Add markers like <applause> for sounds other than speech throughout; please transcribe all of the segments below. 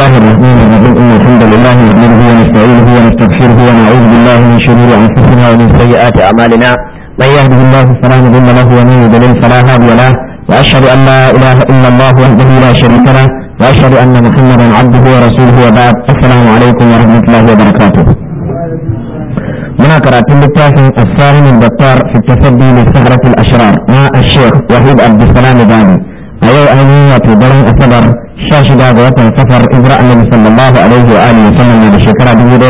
الله الرحمن الرحيم إن الحمد لله نحمده ونستعينه ونستغفره ونعوذ بالله من شرور أنفسنا ومن سيئات أعمالنا من يهده الله فلا مضل له ومن يضلل فلا هادي له وأشهد أن لا إله إلا الله وحده لا شريك له وأشهد أن محمدا عبده ورسوله وبعد السلام عليكم ورحمة الله وبركاته من قرأت التاسع الثاني البطار في التصدي لسهرة الأشرار مع الشيخ وحيد عبد السلام باني أيوة أيوة في طيب، بلن أصبر sha ga watan safar ibra annabi sallallahu alaihi wa alihi wasallam da shekara dubu da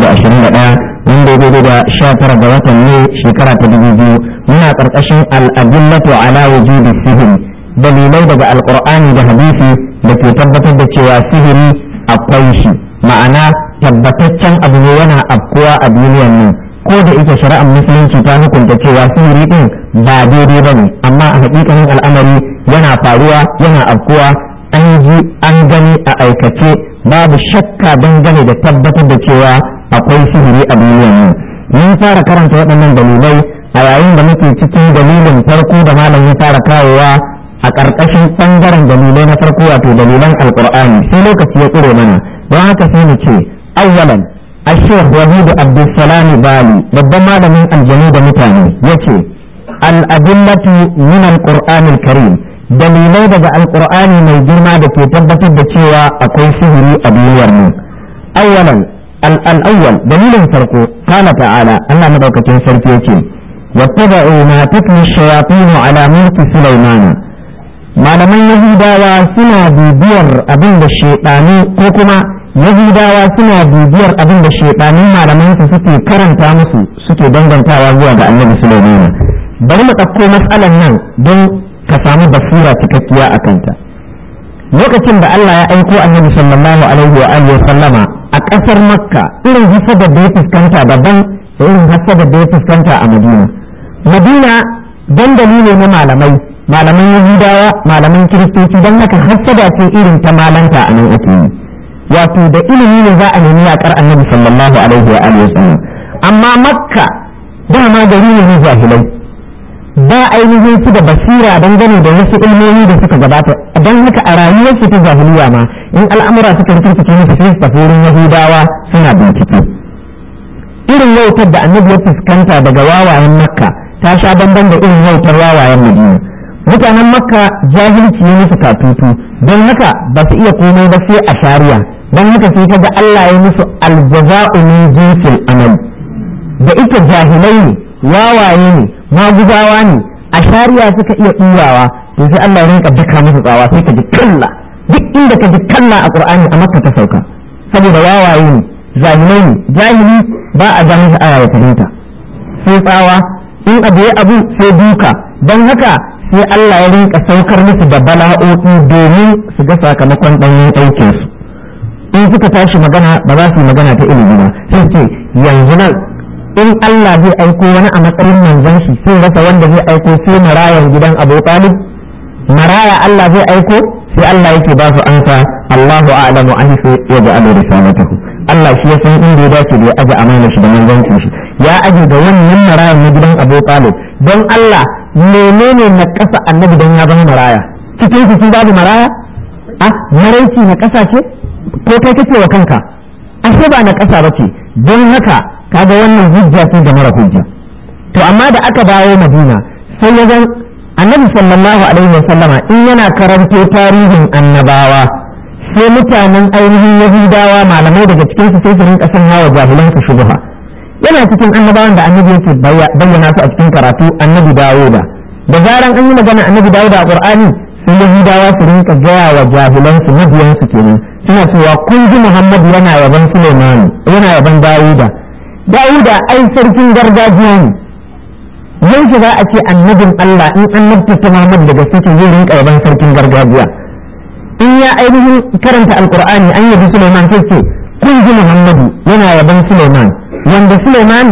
da ashirin da ɗaya wanda daidai da sha ga watan ne shekara ta dubu biyu muna ƙarƙashin al'adillatu ala wujudi sihir dalilai daga alƙur'ani da hadisi da ke tabbatar da cewa sihiri akwai shi ma'ana tabbataccen abu ne yana afkuwa a duniyan nan ko da ita shari'ar musulunci ta hukunta cewa sihiri din ba daidai ba ne amma a hakikanin al'amari yana faruwa yana afkuwa an ji an gani a aikace babu shakka dangane da tabbatar da cewa akwai sihiri a duniyar nan mun fara karanta waɗannan dalilai a yayin da muke cikin dalilin farko da malam ya fara kawowa a ƙarƙashin ɓangaren dalilai na farko wato dalilan alƙur'ani sai lokaci ya tsire mana don haka sai mu ce awwalan ashir wahidu abdulsalami bali babban malamin aljanu da mutane yace al-adillatu min al karim dalilai daga alkur'ani mai girma da ke tabbatar da cewa akwai sihiri a duniyar mu awwalan al-awwal dalilin farko kana ta'ala Allah madaukakin sarki yake wattaba'u ma tatlu shayatin ala mulki sulaimana malaman yahudawa suna bibiyar abin da shaytani ko kuma yahudawa suna bibiyar abin da shaytanin malaman su suke karanta musu suke dangantawa zuwa ga annabi sulaimana bari mu ɗauko matsalan nan don ka samu basira cikakkiya a kanta lokacin da Allah ya aiko annabi sallallahu alaihi wa alihi sallama a kasar makka irin hasada da ya fuskanta daban irin hasada da ya fuskanta a madina madina dandali ne na malamai malaman yahudawa malaman kiristoci don haka hasada ce irin ta malanta a nan ake yi wato da ilimi ne za a nemi yakar annabi sallallahu alaihi wa alihi sallam amma makka dama gari ne na jahilai ba ainihin su da basira dangane da wasu ilmomi da suka gabata don haka a rayuwarsu ta jahiliya ma in al'amura suka rikice musu sai su wurin yahudawa suna bincike irin wautar da annabi ya fuskanta daga wawayen makka ta sha bamban da irin wautar wawayen madina mutanen makka jahilci ya musu katutu don haka ba su iya komai ba sai a shari'a don haka sai ta ga Allah ya musu aljaza'u min jinsil amal da ita jahilai ne wawaye ne magubawa ne a shari'a suka iya ɗurawa to sai Allah ya rinka duka musu tsawa sai ka ji kalla duk inda ka ji kalla a Qur'ani a Makka ta sauka saboda wawaye ne zalimai ne jahili ba a ga musu aya fahimta sai tsawa in abu ya abu sai duka don haka sai Allah ya rinka saukar musu da bala'o'i domin su ga sakamakon ɗanyen su in suka tashi magana ba za su yi magana ta ilimi ba sai ce yanzu nan in Allah zai aiko wani a matsayin manzon shi sai rasa wanda zai aiko sai marayan gidan Abu Talib maraya Allah zai aiko sai Allah yake ba su ansa Allahu a'lamu ahisu yaj'alu risalatahu Allah shi ya san inda ya dace da ya aje amana shi da manzancin shi ya aje da wannan marayan na gidan Abu Talib don Allah menene na kasa annabi don ya zama maraya cikin su babu maraya a maraici na kasa ce ko kai kake wa kanka ashe ba na kasa bace don haka kaga wannan hujja ce da mara hujja to amma da aka dawo madina sai ya zan annabi sallallahu alaihi wasallama in yana karanto tarihin annabawa sai mutanen ainihin yahudawa malamai daga cikin su sai su rinka san hawa jahilan ka shubha yana cikin annabawan da annabi yake bayyana su a cikin karatu annabi dawo da zaran an yi magana annabi dawuda a qur'ani sai yahudawa su rinka gaya wa jahilan su mabiyan su kenan suna cewa kun ji muhammadu yana yaban sulaimani yana yaban dawuda dauda ai sarkin gargajiya ne yanzu za a ce annabin Allah in annabta ta Muhammad daga cikin zai rinka yaban sarkin gargajiya in ya ainihin karanta Alƙur'ani an yabi Sulaiman sai ce kun ji Muhammadu yana yaban Sulaiman wanda Sulaiman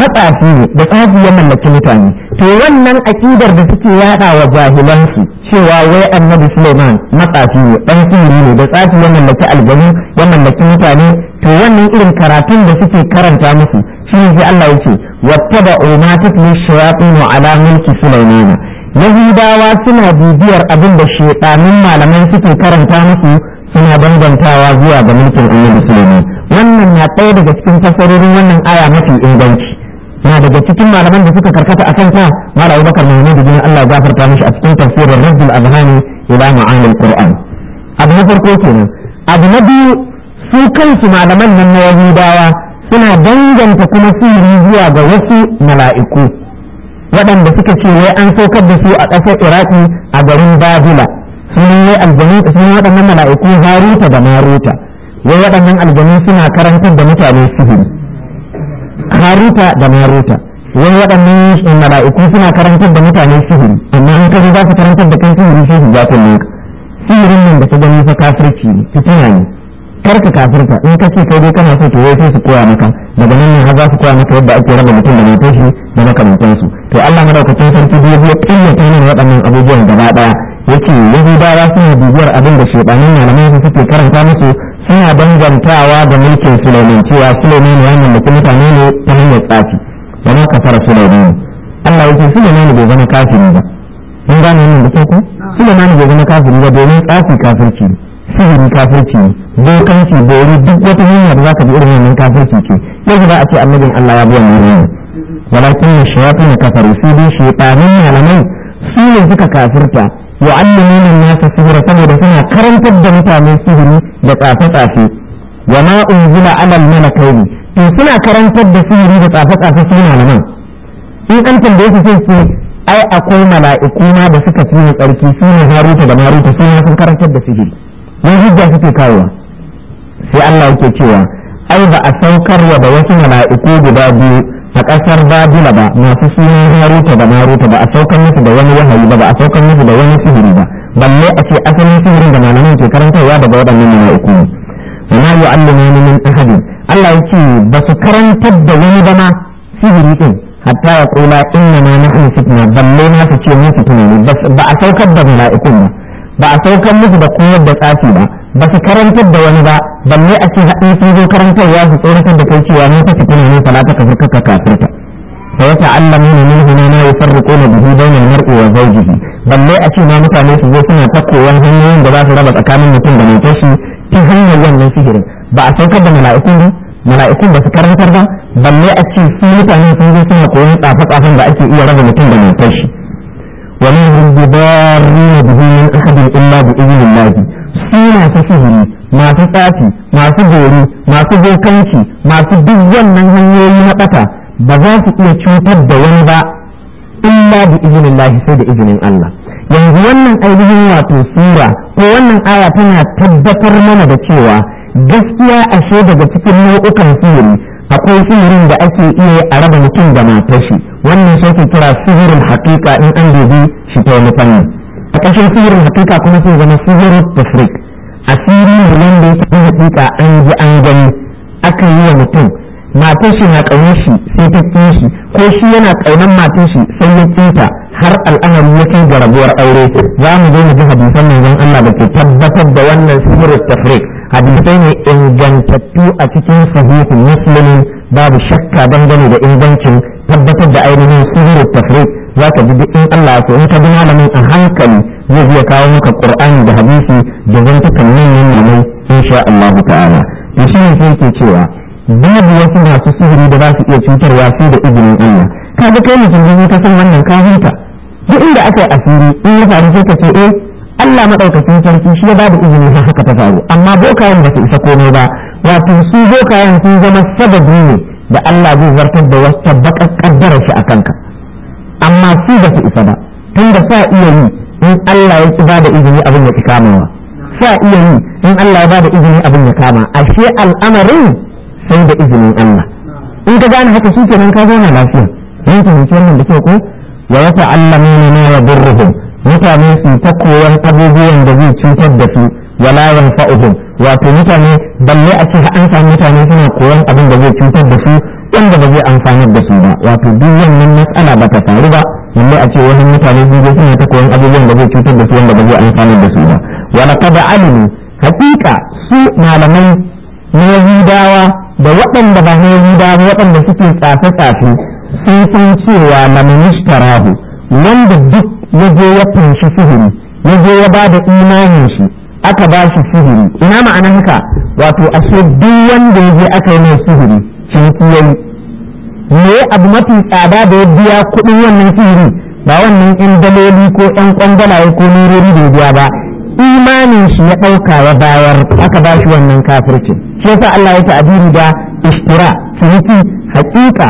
matsafi ne da tsafi ya mallaki mutane to wannan aƙidar da suke yaɗa wa jahilansu cewa wai annabi Sulaiman matsafi ne ɗan sihiri ne da tsafi ya mallaki aljanu ya mallaki mutane to wannan irin karatun da suke karanta musu shi ne sai Allah yake wattaba ma min shayatin ala mulki sulaiman yahudawa suna bibiyar abin da shaytanin malaman suke karanta musu suna bambantawa zuwa ga mulkin annabi sulaiman wannan na ɗaya daga cikin fasarorin wannan aya mafi inganci na daga cikin malaman da suka karkata akan ta mala Abubakar Muhammad bin Allah gafarta mishi a cikin tafsirin Rabbul Azhani ila ma'anil Qur'an abu na farko kenan abu na biyu su kansu malaman nan na yahudawa suna danganta kuma sihiri zuwa ga wasu mala'iku waɗanda suka ce wai an saukar da su a ƙasar iraki a garin babila sun yi aljanu sun waɗannan mala'iku haruta da maruta wai waɗannan aljanu suna karantar da mutane sihiri haruta da maruta wai waɗannan mala'iku suna karantar da mutane sihiri amma an kaji za su karantar da kan sihiri sai su ja kullum sihirin nan da su gani fa kafirci ne fitina ne karka ka in ka ce kai dai kana so to wai sai su koya maka daga nan ne har za su koya maka yadda ake raba mutum da mutum shi da makamantan su to Allah madaukakin sarki biyo ya ta mana waɗannan abubuwan gaba daya yace su suna dubuwar abin da shebanin malamai su suke karanta musu suna bangantawa da mulkin Sulaiman cewa Sulaiman ya mallaki mutane ne ta hanyar tsafi da ma kasar Sulaiman Allah yake Sulaiman bai zama kafiri ba mun gane wannan da ku Sulaiman bai zama kafiri ba domin tsafi kafirci ne sihiri kafirci dokanci bori duk wata hanya da zaka bi irin wannan kafirci ce yanzu za a ce annabin Allah ya buwa mai ne walakin na kafar su dai shaytanin malamai su ne suka kafirta yu'allimuna an-nasa sihira saboda suna karantar da mutane sihiri da tsafe-tsafe wa ma unzila alal malakaini to suna karantar da sihiri da tsafe-tsafe su malaman in an tambaye su sai su ai akwai mala'iku ma da suka fi tsarki su ne haruta da maruta su sun karantar da sihiri mun hujja suke kawowa sai Allah yake cewa ai ba a saukar wa da wasu mala'iku guda biyu a ƙasar Babila ba masu suna Haruta da Maruta ba a saukar musu da wani wahayi ba ba a saukar musu da wani sihiri ba balle a ce asalin sihirin da malamin ke karantarwa daga waɗannan mala'iku ne ma ni min ahadin Allah yake ba su karantar da wani ba ma sihiri din hatta ya kula inna ma nahnu fitna balle na su ce mun fitna ba a saukar da mala'ikun ba ba a saukar musu da koyar da tsafi ba ba su karantar da wani ba balle a ce haɗin sun zo karantar ya su tsoratar da kai cewa ne ta fitina ne salata ka furka ka kafirta fa yata allama ne min huna na buhu bihi bainal mar'i wa zawjihi balle a ce na mutane su zo suna ta koyon hanyoyin da za su raba tsakanin mutum da mai shi ta hanyar wannan sihirin ba a saukar da mala'ikun ba mala'ikun ba su karantar ba balle a ce su mutane sun zo suna koyon tsafe-tsafen da ake iya raba mutum da mai shi وما هم بضارين به من أحد إلا بإذن الله سينا تسهل ما تتاتي ما تدوري ما تجوكنشي ما تدوان من هم هنيوي قطع بذات إيه تشوتب دوانبا إلا بإذن الله سيد إذن الله yanzu wannan ainihin wato sura ko wannan aya tana tabbatar mana da cewa gaskiya ashe daga cikin nau'ukan sihiri akwai sihirin da ake iya a raba mutum da matashi wannan sai ke kira sihirin haƙiƙa in an dubi shi ta wani fanni a ƙarshen sihirin hakika kuma sai zama sihirin tafrik asiri ne wanda da na haƙiƙa an ji an gani aka yi wa mutum matashi na ƙaunar shi sai ta ƙi shi ko shi yana ƙaunar matashi sai ya ƙi har al'amari ya kai ga rabuwar aure za mu zo mu ji hadisan manzon Allah da ke tabbatar da wannan sihirin tafrik hadisai ne ingantattu a cikin sahihu muslimin babu shakka dangane da ingancin tabbatar da ainihin sihirul tafriq za ka ji in Allah ko in ka bi malamin a hankali zai iya kawo maka qur'ani da hadisi da zantukan manyan malamai insha Allah ta'ala to shi ne yake cewa babu wasu masu sihiri da za su iya cutarwa sai da izinin Allah kaga kai mutum ne ka san wannan ka huta duk inda aka yi asiri in ya faru sai ka ce eh Allah madaukakin sarki shi ya bada izini har haka ta faru amma bokayen ba su isa komai ba wato su bokayen sun zama sababi ne da Allah zai zartar da wata bakar kaddara shi a kanka amma su ba su isa ba tun da sa iya yi in Allah ya ki da izini abin ya ki kamawa sa iya yi in Allah ya bada izini abin ya kama ashe al'amarin sai da izinin Allah in ka gane haka shi kenan ka zauna lafiya mun fahimci wannan da kyau ko wa yata'allamuna ma yadurruhum mutane su ta koyan abubuwan da zai cutar da su wala yanfa'uhum wato mutane balle a ce an samu mutane suna koyan abin da zai cutar da su wanda ba zai amfanar da su ba wato duk wannan matsala ba ta faru ba balle a ce wani mutane sun je suna ta koyan abubuwan da zai cutar da su wanda ba zai amfanar da su ba wala kada alimu hakika su malaman na yahudawa da waɗanda ba na yahudawa waɗanda suke tsafe-tsafe sun san cewa lamanistarahu wanda duk ya je ya kunshi sihiri ya je ya ba da imanin shi aka ba shi sihiri ina ma'ana haka wato ashe duk wanda ya je aka yi mai sihiri ciniki yayi me abu mafi tsada da ya biya kuɗin wannan sihiri ba wannan yan daloli ko yan kwandalaye ko nerori da ya biya ba imanin shi ya ɗauka ya bayar aka ba shi wannan kafircin shi yasa Allah ya ta'abiri da ishtira ciniki hakika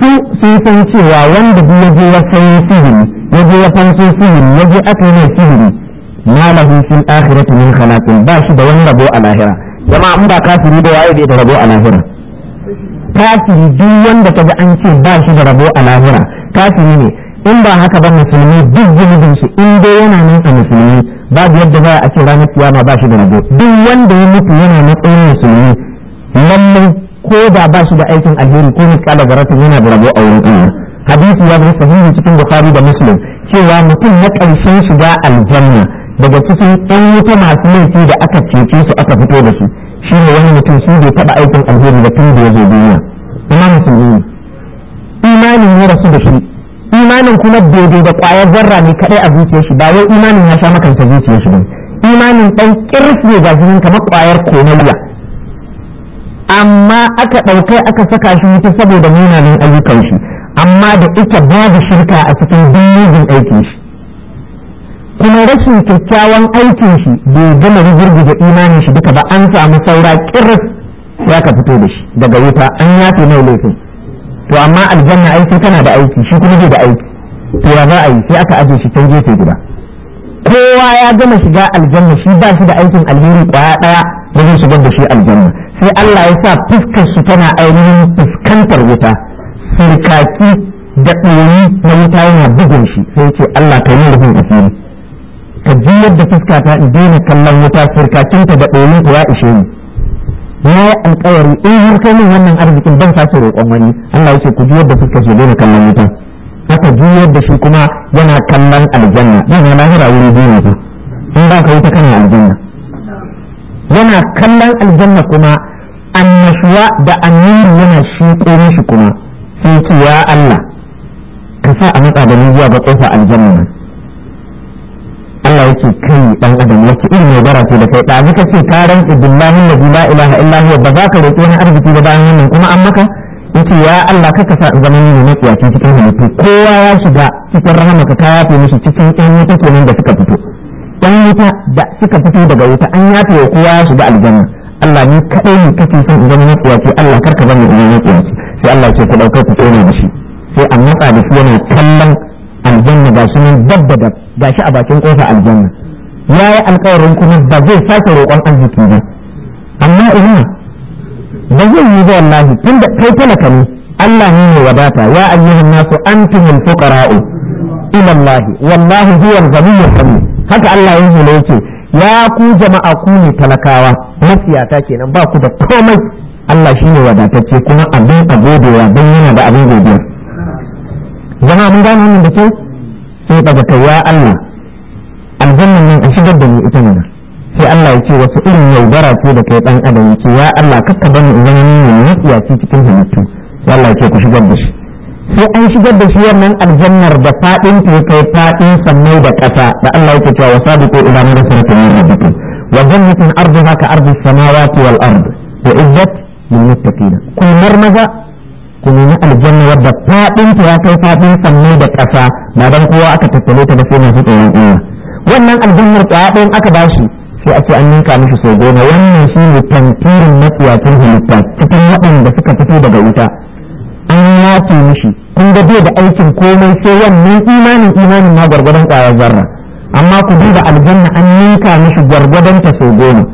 su sun san cewa wanda biyu ya je ya sayi sihiri ya je ya fanso sihiri ya je aka yi mai sihiri ma lahu fil akhirati min khalaqin ba shi da wani rabo a lahira jama'a in ba kafiri da waye da rabo a lahira kafiri duk wanda kaga an ce ba shi da rabo a lahira kafiri ne in ba haka ba musulmi duk zunubin shi in dai yana nan a musulmi babu yadda za a ce ranar kiyama ba shi da rabo duk wanda ya mutu yana matsayin musulmi lallai ko da ba shi da aikin alheri ko misalar garatin yana da rabo a wurin Allah hadisi ya zai sahihi cikin bukhari da muslim cewa mutum na ƙarshen shiga aljanna daga cikin ɗan wuta masu laifi da aka cece su aka fito da su shi ne wani mutum shi bai taɓa aikin alheri da tun da ya zo duniya kuma musulmi imanin ya rasu da shi imanin kuma daidai da ƙwayar zarra ne kaɗai a zuciyar shi ba wai imanin ya sha makanta zuciyar shi ba imanin ɗan ƙirfi ne ga jinin kamar ƙwayar komaliya amma aka ɗaukai aka saka shi wuta saboda munanan ayyukan shi amma da ita babu shirka a cikin dukkan aikin shi kuma rashin kyakkyawan aikin shi bai gama rigirgiza imanin shi duka ba an samu saura kiris ya ka fito da shi daga wuta an yafe mai laifin to amma aljanna aiki tana da aiki shi kuma zai da aiki to ya za a yi sai aka aje shi can gefe guda kowa ya gama shiga aljanna shi ba shi da aikin alheri kwaya daya da zai shigar da shi aljanna sai Allah ya sa fuskar su tana ainihin fuskantar wuta sirkaki da ɗoyi na wuta yana bugun shi sai ce Allah ka yi rufin asiri ka ji yadda fuska ta daina kallon wuta sirkakinta da ɗoyin ya ishe ni ya yi alkawari in har kai min wannan arzikin ban sake roƙon wani Allah ya ce ku ji yadda fuska ta daina kallon wuta aka ji yadda shi kuma yana kallon aljanna dan ya lahira wuri biyu ne in ba ka wuta kana aljanna yana kallon aljanna kuma annashuwa da annuri yana shi mishi kuma ce ya Allah ka sa a matsa da ni zuwa ga kofa aljanna Allah yake kai dan adam yake irin mai bara da kai da ka ce ka rantsi billahi la ilaha illa huwa ba za ka roƙi wani arziki da bayan wannan kuma an maka yace ya Allah ka sa zaman ne na tsiyaci cikin halittu kowa ya shiga cikin rahamaka ka yafe mishi cikin ƴan wuta kenan da suka fito ƴan wuta da suka fito daga wuta an yafe wa kowa ya shiga aljanna Allah ni kaɗai ne kake son zama na tsiyaci Allah karka bani zaman ni na tsiyaci sai Allah ce ku ɗaukar ku tsone da shi sai an matsa da shi yana kallon aljanna ga shi nan dabba da ga shi a bakin kofa aljanna ya yi alkawarin kuma ba zai sake roƙon arziki ba amma ina ba zai yi ba wallahi da kai talaka ne Allah ne mai wadata ya ayyuhan nasu antumul fuqara'u ila Allah wallahi huwa al-ghaniyyul hamid haka Allah ya yi yake ya ku jama'a ku ne talakawa masiyata kenan ba ku da komai Allah shi ne wadatacce kuma abin a godewa don yana da abin godiya zama mun gano wannan da kyau sai daga zata ya Allah aljannan nan a shigar da mu ita mana sai Allah ya ce wasu irin yaudara ce da kai dan adam ce ya Allah kakka bani in zama ne matsiya ce cikin halittu sai Allah ya ce ku shigar da shi sai an shigar da shi wannan aljannar da fadin ta kai fadin sannan da kasa da Allah ya ce wa sabiqu ila marsatil rabbikum wa jannatin arduha ka ardi samawati wal ard wa izzat للمتقين كل مرمزة ku nemi aljanna wadda faɗinta ya kai faɗin sannu da ƙasa na don kowa aka tattale ta da sai masu tsoron Allah wannan aljannar ɗayan aka bashi sai a ce an ninka mishi sau goma wannan shi ne tantirin matsiyacin halitta cikin waɗanda suka fito daga wuta an yace mishi kun ga da aikin komai sai wannan imanin imanin na gwargwadon ƙwayar zarra amma ku duba aljanna an ninka mishi gwargwadon ta sau goma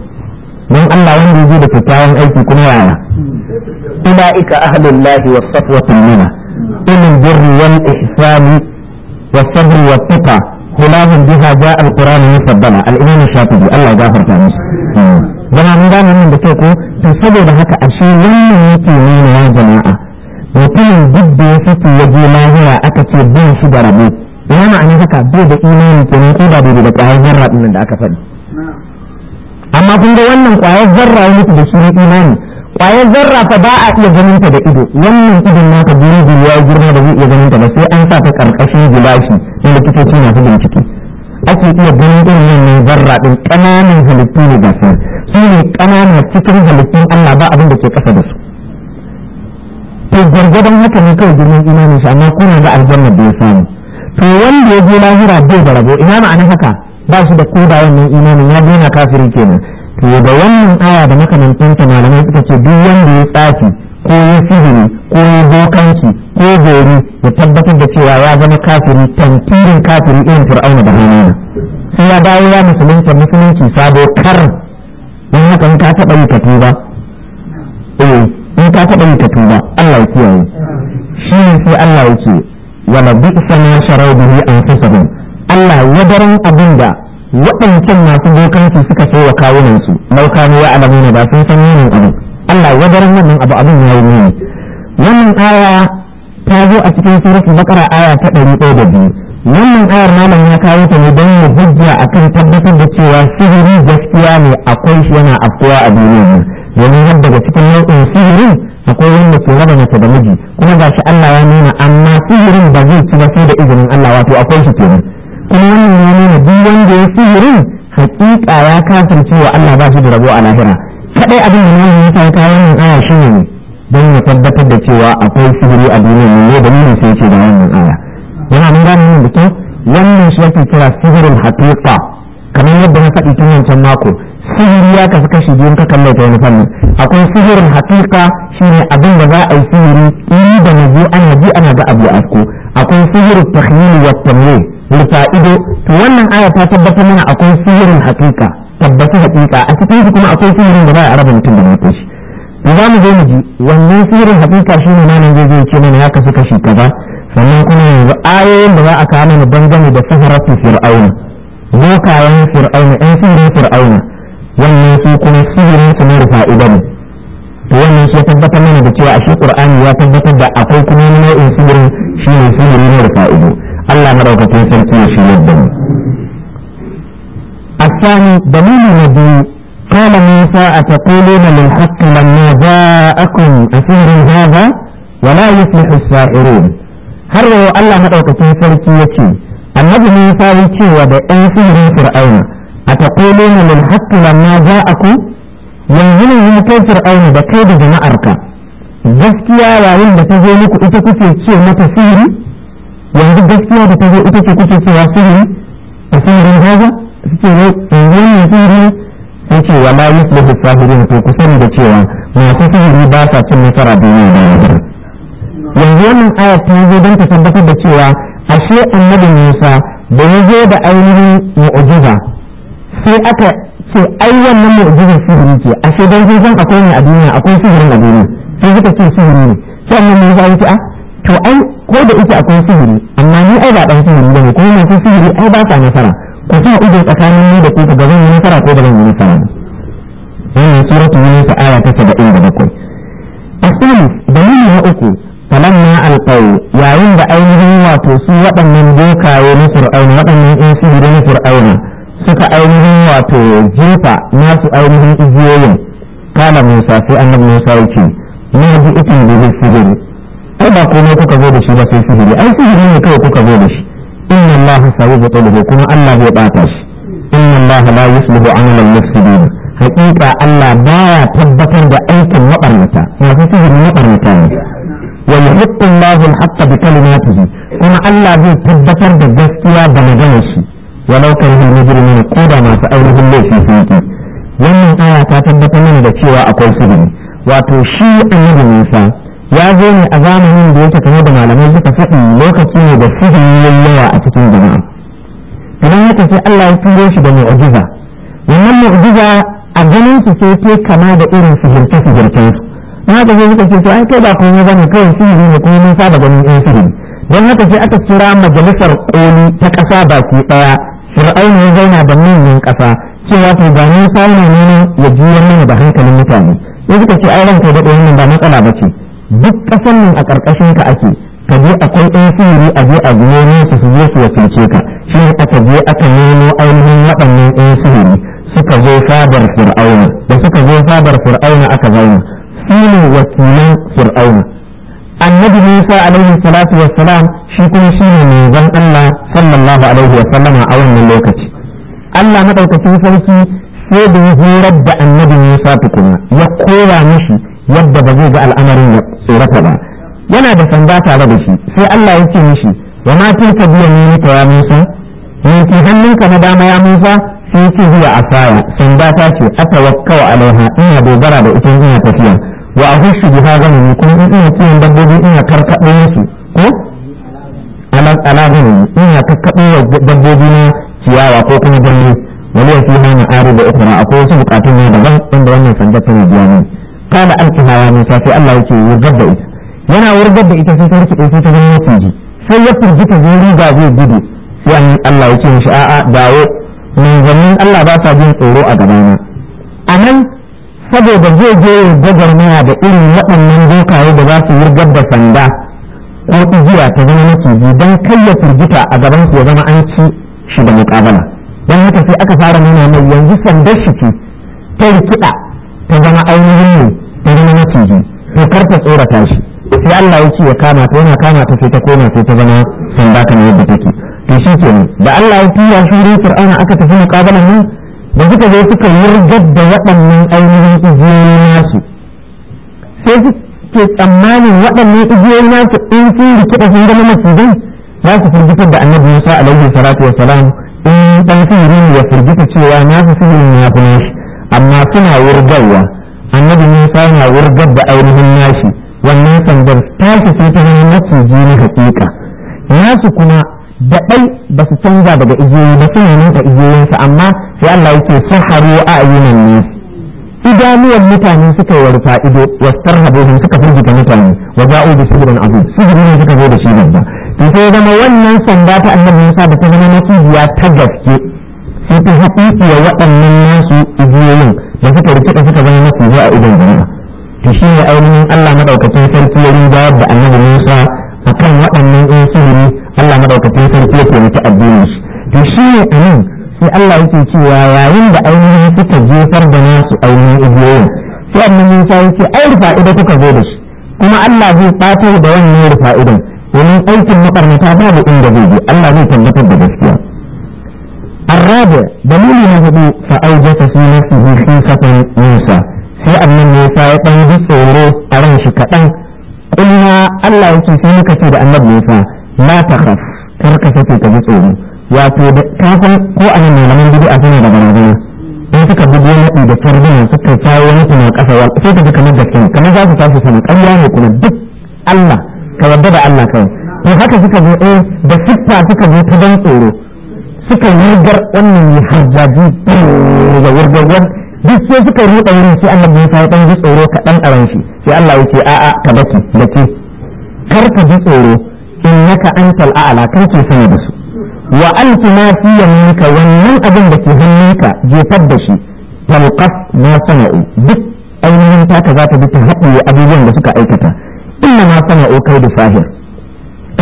don Allah wanda ya zo da kyakkyawan aiki kuma yaya ulaika ahlullahi was safwatul mina ilal birri wal ihsani was sabri wat taqa khulafun biha jaa al qur'an musabbana al imam shafi'i Allah ya gafarta musu zama mun gane nan da kai ko to saboda haka ashe wannan yake nuna ya jama'a mutumin duk da ya fito ya je lahira aka ce bin shi da rabo ya ma'ana haka bai da imani kenan ko da bai da ƙwayar zarra da aka faɗi amma kun ga wannan ƙwayar zarra ya mutu da sunan imani ƙwayar zarra fa ba a iya ganin ta da ido wannan idon naka biyu ya girma da zai iya ganin ta ba sai an sa ta karkashin gilashi na likitoci masu bincike ake iya ganin irin wannan zarra ɗin ƙananan halittu ne ga su su ne ƙananan cikin halittun Allah ba abin da ke ƙasa da su to gwargwadon haka ne kawai domin imanin shi amma kuna da aljanna da ya samu to wanda ya je lahira bai da rabo ina ma'ana haka ba su da koda wannan imanin ya daina kafirin kenan to da wannan aya da ta malamai suka ce duk wanda ya tsafi ko ya sihiri ko ya bokanci ko gori ya tabbatar da cewa ya zama kafiri tantirin kafiri irin fir'auna da hanyoyi sai ya dawo ya musulunci musulunci sabo kar don haka in ka taɓa yi ka ba eh in ka taɓa yi ka ba Allah ya kiyaye shi ne sai Allah ya ce wala bi'sa ma sharau bihi anfusahum Allah wadaran abin da waɗancan masu bokanci suka sai wa kawunansu maukanu ya alamu ne ba sun san yanin abu Allah wadaran wannan abu abin ya yi nuni wannan aya ta zo a cikin suratul baqara aya ta ɗari ɗaya da biyu wannan ayar malam ya kawo ta ne don mu hujja kan tabbatar da cewa sihiri gaskiya ne akwai shi yana afkuwa a duniya domin har daga cikin nau'in sihirin akwai wanda ke raba mace da miji kuma ga shi Allah ya nuna amma sihirin ba zai ci ba sai da izinin Allah wato akwai shi kenan kuma wannan ya nuna duk wanda ya sihirin Hakika ya kasance wa Allah ba shi da rabo a lahira kadai abin da nuna ya sauka wannan aya shi ne don ya tabbatar da cewa akwai sihiri a duniya ne ne da nuna sai ce da wannan aya yana mun gane da kyau wannan shi kira sihirin haƙiƙa kamar yadda na faɗi tun wancan mako sihiri ya kasu kashi biyu ka kalle ta wani fannin akwai sihirin haƙiƙa shine abin da za a yi sihiri ni da na ana ji ana ga abu a akwai sihirin tahyili wa tamyiz rufa ido to wannan aya ta tabbatar mana akwai sihirin hakika tabbata hakika a cikin shi kuma akwai sihirin da ba a raba mutum da matan shi to za mu zo mu ji wannan sihirin hakika shi ne malam zai zai ce mana ya kasu kashi kaza sannan kuma yanzu ayoyin da za a kawo mana bangane da saharatu fir'auna bokayen fir'auna yan sihirin fir'auna wannan su kuma sihirin su na rufa ido ne to wannan shi ya tabbatar mana da cewa a shi qur'ani ya tabbatar da akwai kuma nau'in sihirin shi ne sihiri na rufa ido Allah maraukakin sarki ya shirya da mu dalili ne kala الثاني دليل الذي قال موسى أتقولون للحق لما جاءكم Wala هذا ولا يفلح irin. har yau Allah maɗaukakin sarki ya ce annabi Musa ya ce cewa da ɗan sirrin Fir'auna a taquluna lil haqqi lamma ja'akum yanzu ne yi kai Fir'auna da kai da jama'arka gaskiya yayin da ta zo muku ita kuke ce mata sirri yanzu gaskiya da ta zo ita ce kuke cewa sihiri a sihirin gaza su ce ne wannan sihiri sai ce wa la yuslihu sahirin to ku sani da cewa masu sihiri ba sa cin nasara duniya da yanzu yanzu wannan ayar ta zo don ta tabbatar da cewa ashe annabi Musa da ya zo da ainihin mu'ujiza sai aka ce ai wannan mu'ujizar sihiri ce ashe dan sun san akwai ne a duniya akwai sihirin a duniya sai suka ce sihiri ne sai annabi Musa ya ce a ah, to ai ko da ita akwai sihiri amma ni ai ba dan sihiri ko kuma masu sihiri ai ba sa nasara ku sa ido tsakanin ni da ku ga zan yi nasara ko ba zan yi nasara wannan suratul yunus aya ta 77 asali dalili na uku falamma alqaw yayin da ainihin wato su waɗannan bokaye na fir'auna waɗannan ɗan sihiri na fir'auna suka ainihin wato jefa nasu ainihin igiyoyin kala musa sai annabi musa yake na ji ikin da zai ai ba komai kuka zo da shi ba sai sihiri ai sihiri ne kawai kuka zo da shi inna allaha sayubtiluhu kuma allah zai bata shi inna allaha la yuslihu amal mufsidin hakika allah baya tabbatar da aikin mabarnata masu sihiri mabarnata ne wa yuhiqqu allahu al-haqqa bi kalimatihi kuma allah zai tabbatar da gaskiya da maganar shi walau kan al-mujrimin koda masu ainihin laifi sun ki wannan aya ta tabbatar mana da cewa akwai sihiri wato shi annabi Musa ya zo ne a zamanin da yake kamar da malamai duka faɗi lokaci ne da sihiri yawa a cikin jama'a kamar haka sai Allah ya turo shi da mu'jiza wannan mu'jiza a ganin su sai ke kama da irin sihirce sihircen su na haka sai suka ce to ai kai ba kuma ba ne kawai sihiri ne kuma mun saba ganin yan sihiri don haka sai aka kira majalisar koli ta ƙasa baki ɗaya fir'auna ya zauna da manyan ƙasa cewa to ga mun samu ne ya juyar mana da hankalin mutane sai suka ce ai ranka da wannan ba matsala ba ce duk kasan nan a ƙarƙashin ka ake ka je akwai ɗan sihiri a je a ne su su je su wakilce ka shi ne aka je aka nemo ainihin waɗannan ɗan sihiri suka zo fadar fir'auna da suka zo fadar fir'auna aka zauna su ne wakilan fir'auna annabi musa alaihi salatu wassalam shi kuma shi ne zan allah sallallahu alaihi wasallama a wannan lokaci allah maɗaukacin sarki sai da ya horar da annabi musa tukuna ya kowa mishi Yadda ba zai ga al'amarin ya tsorata ba yana da sanda tare da shi sai Allah ya ce mishi wa ma tilka biya ta ya Musa yanki hannunka na dama ya Musa sai ce zuwa asaya sanda ta ce atawakkau alaiha ina dogara da ita ina tafiya wa a ahushu biha ne kuma in ina kiwon dabbobi ina karkaɗo musu ko ala ina karkaɗo wa dabbobi na ciyawa ko kuma birni wani ya fi hana ari da ukra akwai wasu bukatun ne daban inda wannan sanda ta biya ne? kana alqiha ya ne sai Allah yake wurgar da ita yana wurgar da ita sai ta rike ta zama maciji sai ya furgita zai riga zai gudu sai Allah yake mishi a'a dawo mun manzannin Allah ba sa jin tsoro a gaba a nan saboda zai je ya gwagwarmaya da irin waɗannan dokaye da za su wurgar da sanda ko igiya ta zama maciji don kai ya firgita a gaban su ya zama an ci shi da muƙabala don haka sai aka fara nuna mai yanzu sandar shi ce ta rikida ta zama ainihin ne ta zama maciji to tsora ta shi sai Allah ya ce ya kama ta yana kama ta sai ta koma sai ta zama sanda kamar yadda take to shi ke da Allah ya tura shi wurin Fir'auna aka tafi muqabalan nan da suka zo suka yurgar da waɗannan ainihin igiyoyi nasu sai suke tsammanin waɗannan igiyoyi nasu in sun rikida sun zama macizai za su firgitar da annabi Musa alaihi salatu wa salam in yi sihiri ya firgita cewa nasu sihirin ya fi shi amma suna wurgarwa shaitan wurgar da ainihin nashi wannan sandar ta su sun ta hannun maciji na hakika nasu kuma da ɗai ba su canza daga igiyoyi ba suna ninka igiyoyinsa amma sai Allah sun haru a ayyunan ne idanuwan mutane suka warfa ido wastar habohin suka firgita mutane wa za'u bi sihrin abu sihrin ne suka zo da shi babba to sai zama wannan sanda ta annabi Musa da ta zama nasiya ta gaske sai ta haƙiƙiya waɗannan nasu igiyoyin da suka ba suka zama masu zuwa idan jama'a to shi ne ainihin Allah madaukakin sarki ya riba da annabi Musa akan waɗannan in sihiri Allah madaukakin sarki ya taimaki addinin shi to shi ne anan sai Allah yake cewa yayin da ainihin suka jefar da nasu ainihin igiyoyin sai annabi Musa yake ai rufa'ida kuka zo da shi kuma Allah zai fatar da wannan fa'idan domin aikin makarnata babu inda zai je Allah zai tabbatar da gaskiya الرابع دليل يهدو فأوجس في نفسه خيفة موسى sai annan Musa ya ɗan أرنش tsoro a ran kaɗan kuma Allah ya ce sai muka ce da annabi Musa la takhaf kar ka sake ka ka san ko a nan malaman bid'a suna da barazana in suka bi wani maɗi da tarbiyya suka kawo wani kuma ƙasa wa sai ka ji kamar kamar za su ƙarya ne kuma duk Allah ka da Allah kawai to haka suka zo da siffa suka zo ta ban tsoro suka yi gar wannan ya harjaji da wurgarwar duk sai suka ruɗa wurin sai Allah Musa ya ɗan ji tsoro kaɗan a ran shi sai Allah yake a a'a ka baki da ke kar ka ji tsoro innaka antal a'la kan ke sani da su wa alki ma fi yaminka wannan abin da ke hannunka jefar da shi talqas ma sana'u duk ainihin taka za ta bi ta haɗiye abubuwan da suka aikata inna ma sana'u kai da sahir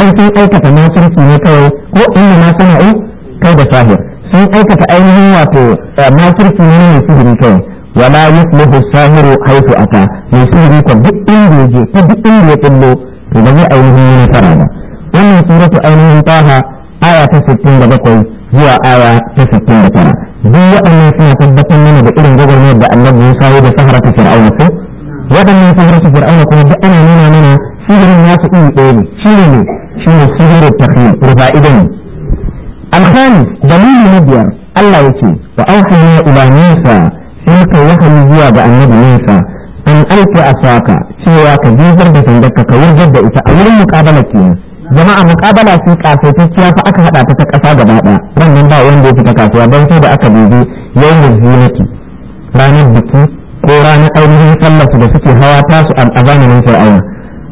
an sun aikata ma sun ne kawai ko inna ma sana'u kai da tahir sun aikata ainihin wato eh, makirci ne mai sihiri kai wala yuslihu sahiru haitu ata mai sihiri kan duk inda ya ta duk inda ya kullo to ba zai ainihin yi nasara ba wannan suratu ainihin taha aya ta sittin da bakwai zuwa aya ta sittin da tara duk waɗannan suna tabbatar mana da irin gwagwarmayar da annabi Musa ya da sahara ta fir'auna ko waɗannan sahara ta fir'auna kuma duk ana nuna mana sihirin nasu iri ɗaya ne shi ne shi ne sihirin tafiya rufa'idan ne alkhani dalili na biyar Allah yake wa auhayna ila Musa sai muka wahayi zuwa ga annabi nesa an alki asaka cewa ka jizar da sandarka ka wurgar da ita a wurin muqabala ne jama'a muqabala sun kafaitacciya fa aka hada ta ta kasa gaba daya wannan ba wanda ya fita kasuwa don sai da aka dubi yayin zinati ranar biki ko ranar ainihin sallarsu da suke hawa tasu a zamanin fir'auna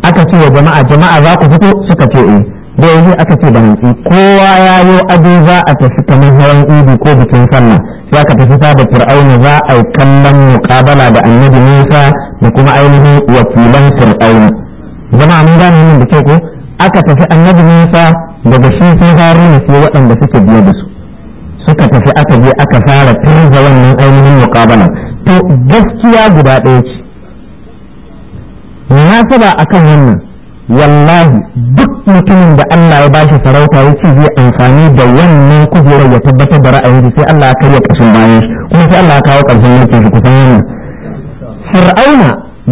aka ce wa jama'a jama'a za ku fito suka ce eh da yanzu aka ce da hantsi kowa ya yi ado za a tafi kamar hawan idi ko bikin sallah sai aka tafi sada fir'auna za a yi kallon muƙabala da annabi musa da kuma ainihin wakilan fir'auna zama mun gane nan da kyau ko aka tafi annabi musa daga shi sai haruna sai waɗanda suke biye da su suka tafi aka je aka fara canza wannan ainihin muƙabala to gaskiya guda ɗaya ce na saba akan wannan wallahi duk mutumin da Allah ya bashi sarauta ya zai amfani da wannan kujerar ya tabbatar da ra'ayin sai Allah ya karya kashin bayan shi kuma sai Allah ya kawo karshen yake shi kusan Fir'auna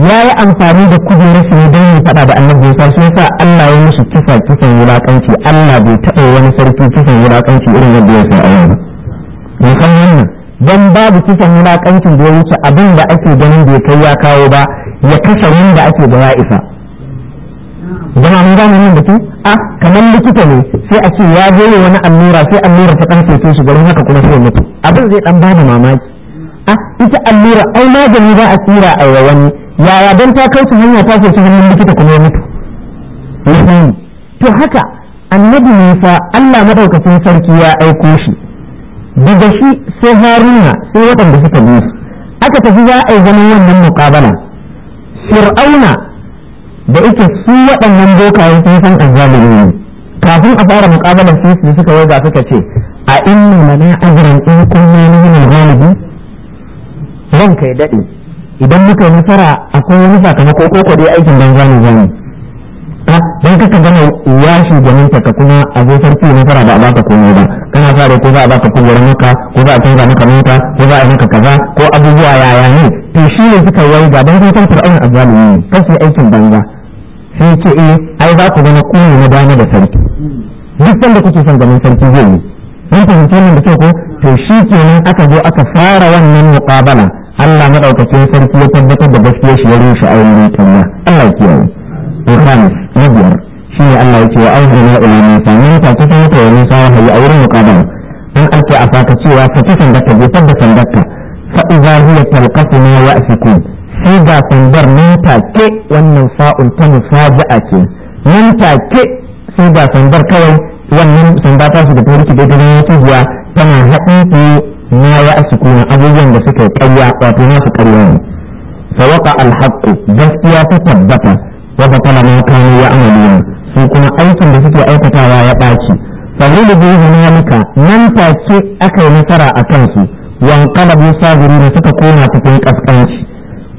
ya yi amfani da kujerar shi don ya fada da annabi Musa sun sa Allah ya musu kisa kisan wulakanci Allah bai taɓa wani sarki kisan wulakanci irin yadda ya Fir'auna ba mun kan wannan dan babu kisan wulakancin da ya wuce abin da ake ganin bai kai ya kawo ba ya kashe wanda ake da ya isa zama mun gane nan batu a kamar likita ne sai a ce ya je wani allura sai allura ta dan ceto shi garin haka kuma sai mutu abin zai ɗan bada mamaki a ita allura ai magani za a tsira a wani yaya don ta kai su hanya ta ce hannun likita kuma ya mutu to haka annabi ne fa Allah madaukakin sarki ya aiko shi daga shi sai Haruna sai waɗanda suka bi aka tafi za a yi zaman wannan muqabala Fir'auna da ita su waɗannan bokayen sun san azzalimi ne kafin a fara mukabalar sisi suka waiga suka ce a inna mana azran in kunna na yana galibi ran kai daɗe idan muka yi nasara akwai wani sakamako ko ko dai aikin banza ne zamu dan ka ka gama yashi gwanin ka kuma a zo sarki nasara da a ka komai ba kana sa ko za a baka kujerar maka ko za a canza maka mota ko za a yi maka kaza ko abubuwa yaya ne to shi ne suka waiga dan san fir'aun azzalumi ne kasu aikin banza sai ce e ai za ku zama kuni na dama da sarki duk sanda kuke son ganin sarki zai yi mun fahimci min da ko to shi kenan aka zo aka fara wannan muqabala Allah madaukakin sarki ya tabbatar da gaskiyar shi ya rushe aure talla Allah ya kiyaye to na biyar shi ne Allah ce wa auzina ila nisa mun ta ce sai ta wani sawa hayi wurin muqabala an ake a fata cewa ta ci sandarta bai tabbata sandarta ka idza hiya talqafu ma sai ga sandar nan take wannan sa'un ta musaja'a ce nan take sai ga sandar kawai wannan sanda ta su da ta rike daidai na cibiya tana haɗin su na ya asukuna abubuwan da suka karya wato na su karya ne sawaka alhaqqu gaskiya ta tabbata wa batala ma kanu ya'maluna su kuma aikin da suke aikatawa ya ɓaci fagulu bi yamuka nan take aka yi nasara a kansu wan qalabu da suka koma cikin kaskanci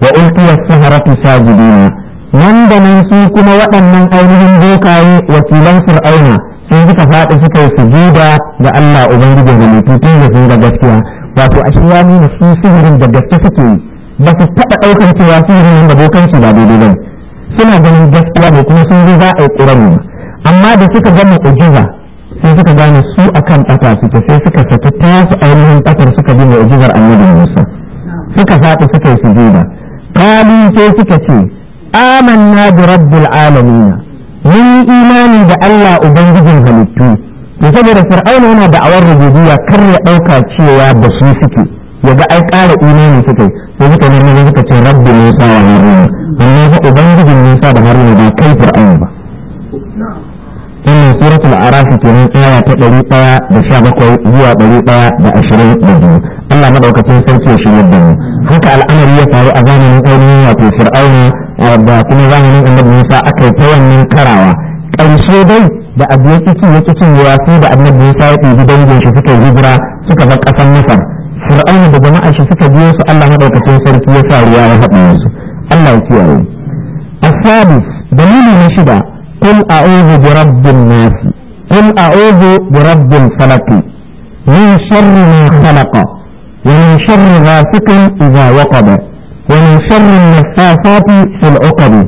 wa ulqiya as-saharatu sajidina nan nan su kuma waɗannan ainihin bokaye wakilan fir'auna sun suka faɗi suka yi sujuda ga Allah ubangiji da mai tutun da sun ga gaskiya wato a ya nuna su sihirin da gaske suke yi ba su taɓa ɗaukar cewa sihirin da bokansu ba daidai ba suna ganin gaskiya ne kuma sun zo za a amma da suka gama ujiza sai suka gane su akan ɓata suke sai suka saki ta ainihin ɓatar suka bi a annabi Musa suka faɗi suka yi sujuda kalu sai suka ce amanna bi rabbil na mun imani da Allah ubangijin halittu to saboda fir'auna yana da awar rububiyya kar ya ɗauka cewa da su suke ga ai ƙara imani suke sai suka ne ne suka rabbi musa wa haruna amma ga ubangijin musa da haruna ba kai fir'auna ba wannan suratul arafi kenan aya ta ɗari ɗaya da sha bakwai zuwa ɗari ɗaya da ashirin da biyu Allah madaukakin sarki ya shirya da mu haka al'amari ya faru a zamanin ainihin wato fir'auna da kuma zamanin annabi Musa aka yi ta wannan karawa ƙarshe dai da abu ya kici ya kici ya sai da annabi Musa ya ɗibi dangin shi suka hijira suka bar ƙasar Masar fir'auna da jama'a shi suka biyo su Allah madaukakin sarki ya sa ruwa ya haɗa su Allah ya kiyaye asabi dalili na shida قل أعوذ برب الناس قل أعوذ برب الفلق من شر ما خلق ومن شر غاسق إذا وقب ومن شر النفاثات في